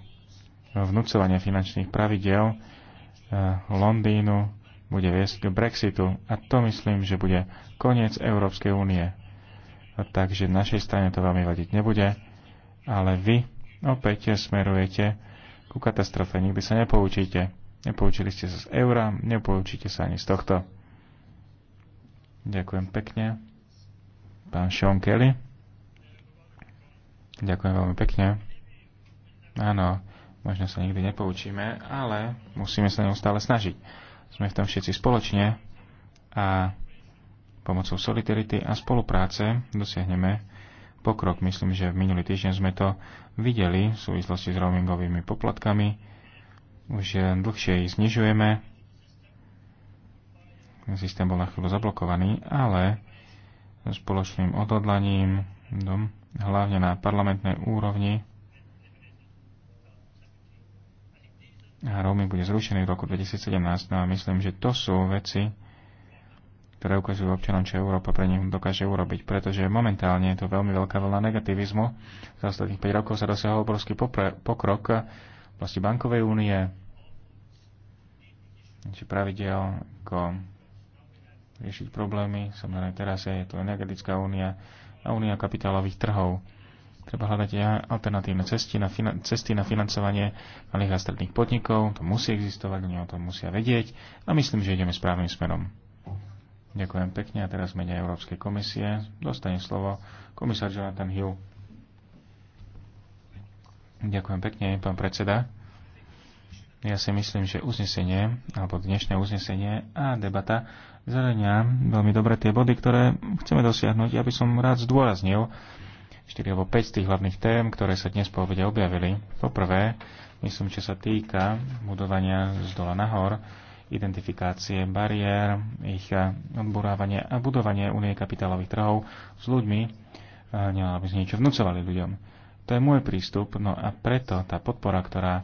Vnúcovanie finančných pravidel eh, Londýnu bude viesť k Brexitu a to myslím, že bude koniec Európskej únie. Takže našej strane to veľmi vadiť nebude, ale vy opäť smerujete ku katastrofe. Nikdy sa nepoučíte. Nepoučili ste sa z eura, nepoučíte sa ani z tohto. Ďakujem pekne. Pán Sean Kelly. Ďakujem veľmi pekne. Áno, možno sa nikdy nepoučíme, ale musíme sa neustále snažiť. Sme v tom všetci spoločne a pomocou solidarity a spolupráce dosiahneme pokrok. Myslím, že v minulý týždeň sme to videli v súvislosti s roamingovými poplatkami. Už eh, dlhšie ich znižujeme. Systém bol na chvíľu zablokovaný, ale spoločným odhodlaním, hlavne na parlamentnej úrovni, a roaming bude zrušený v roku 2017. No a myslím, že to sú veci, ktoré ukazujú občanom, čo Európa pre nich dokáže urobiť. Pretože momentálne je to veľmi veľká vlna negativizmu. Za ostatných 5 rokov sa dosiahol obrovský pokrok v vlasti bankovej únie, či pravidel, ako riešiť problémy. Samozrejme, teraz je tu energetická únia a únia kapitálových trhov. Treba hľadať aj alternatívne cesty na, cesty na financovanie malých a stredných podnikov. To musí existovať, oni o tom musia vedieť a myslím, že ideme správnym smerom. Ďakujem pekne a teraz menej Európskej komisie dostane slovo komisár Jonathan Hill. Ďakujem pekne, pán predseda. Ja si myslím, že uznesenie, alebo dnešné uznesenie a debata zelenia veľmi dobre tie body, ktoré chceme dosiahnuť. Ja by som rád zdôraznil 4 alebo 5 z tých hlavných tém, ktoré sa dnes po obede objavili. Poprvé, myslím, čo sa týka budovania z dola nahor, identifikácie bariér, ich eh, odburávanie a budovanie únie kapitálových trhov s ľuďmi, eh, nemal aby sme niečo vnúcovali ľuďom. To je môj prístup, no a preto tá podpora, ktorá,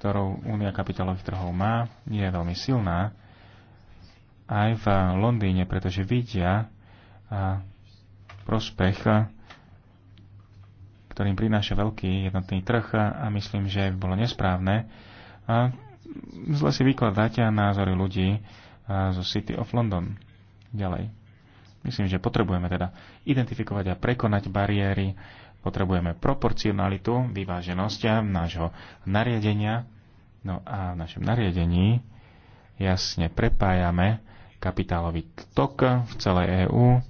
ktorú únia kapitálových trhov má, je veľmi silná aj v Londýne, pretože vidia eh, prospech ktorým prináša veľký jednotný trh a myslím, že by bolo nesprávne a zle si vykladať názory ľudí zo City of London. Ďalej. Myslím, že potrebujeme teda identifikovať a prekonať bariéry, potrebujeme proporcionalitu, vyváženosť nášho nariadenia. No a v našom nariadení jasne prepájame kapitálový tok v celej EÚ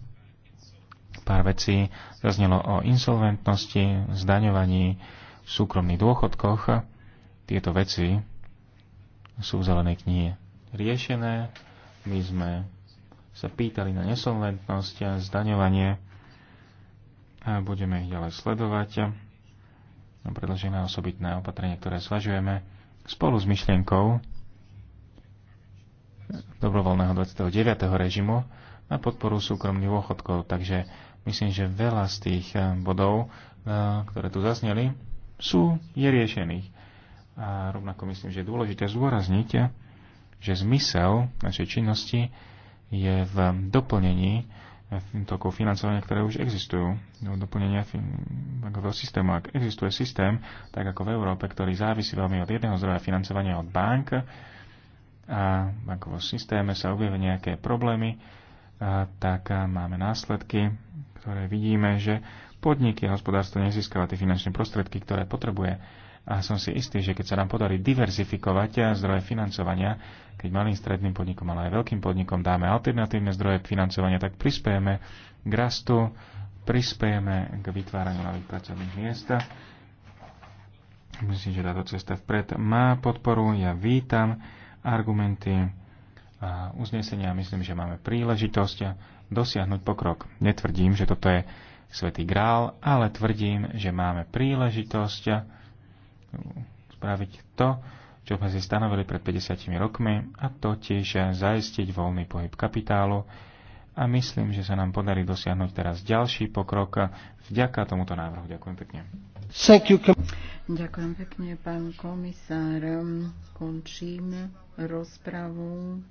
Pár vecí zaznelo o insolventnosti, zdaňovaní, súkromných dôchodkoch. Tieto veci sú v zelenej knihe riešené. My sme sa pýtali na nesolventnosť a zdaňovanie a budeme ich ďalej sledovať. Predložené osobitné opatrenie, ktoré zvažujeme spolu s myšlienkou dobrovoľného 29. režimu na podporu súkromných dôchodkov. Takže Myslím, že veľa z tých eh, bodov, eh, ktoré tu zasneli, sú neriešených. A rovnako myslím, že je dôležité zdôrazniť, že zmysel našej činnosti je v doplnení eh, tokov financovania, ktoré už existujú, V no, doplnenia bankového systému. Ak existuje systém, tak ako v Európe, ktorý závisí veľmi od jedného zdroja financovania od bank a v bankovom systéme sa objavia nejaké problémy, tak máme následky, ktoré vidíme, že podniky a hospodárstvo nezískava tie finančné prostriedky, ktoré potrebuje. A som si istý, že keď sa nám podarí diverzifikovať zdroje financovania, keď malým stredným podnikom, ale aj veľkým podnikom dáme alternatívne zdroje financovania, tak prispiejeme k rastu, prispiejeme k vytváraniu nových pracovných miest. Myslím, že táto cesta vpred má podporu. Ja vítam argumenty a uznesenia. Myslím, že máme príležitosť dosiahnuť pokrok. Netvrdím, že toto je svätý grál, ale tvrdím, že máme príležitosť spraviť to, čo sme si stanovili pred 50 rokmi, a totiž zaistiť voľný pohyb kapitálu. A myslím, že sa nám podarí dosiahnuť teraz ďalší pokrok vďaka tomuto návrhu. Ďakujem pekne. Ďakujem pekne, pán komisár. Končím rozpravu.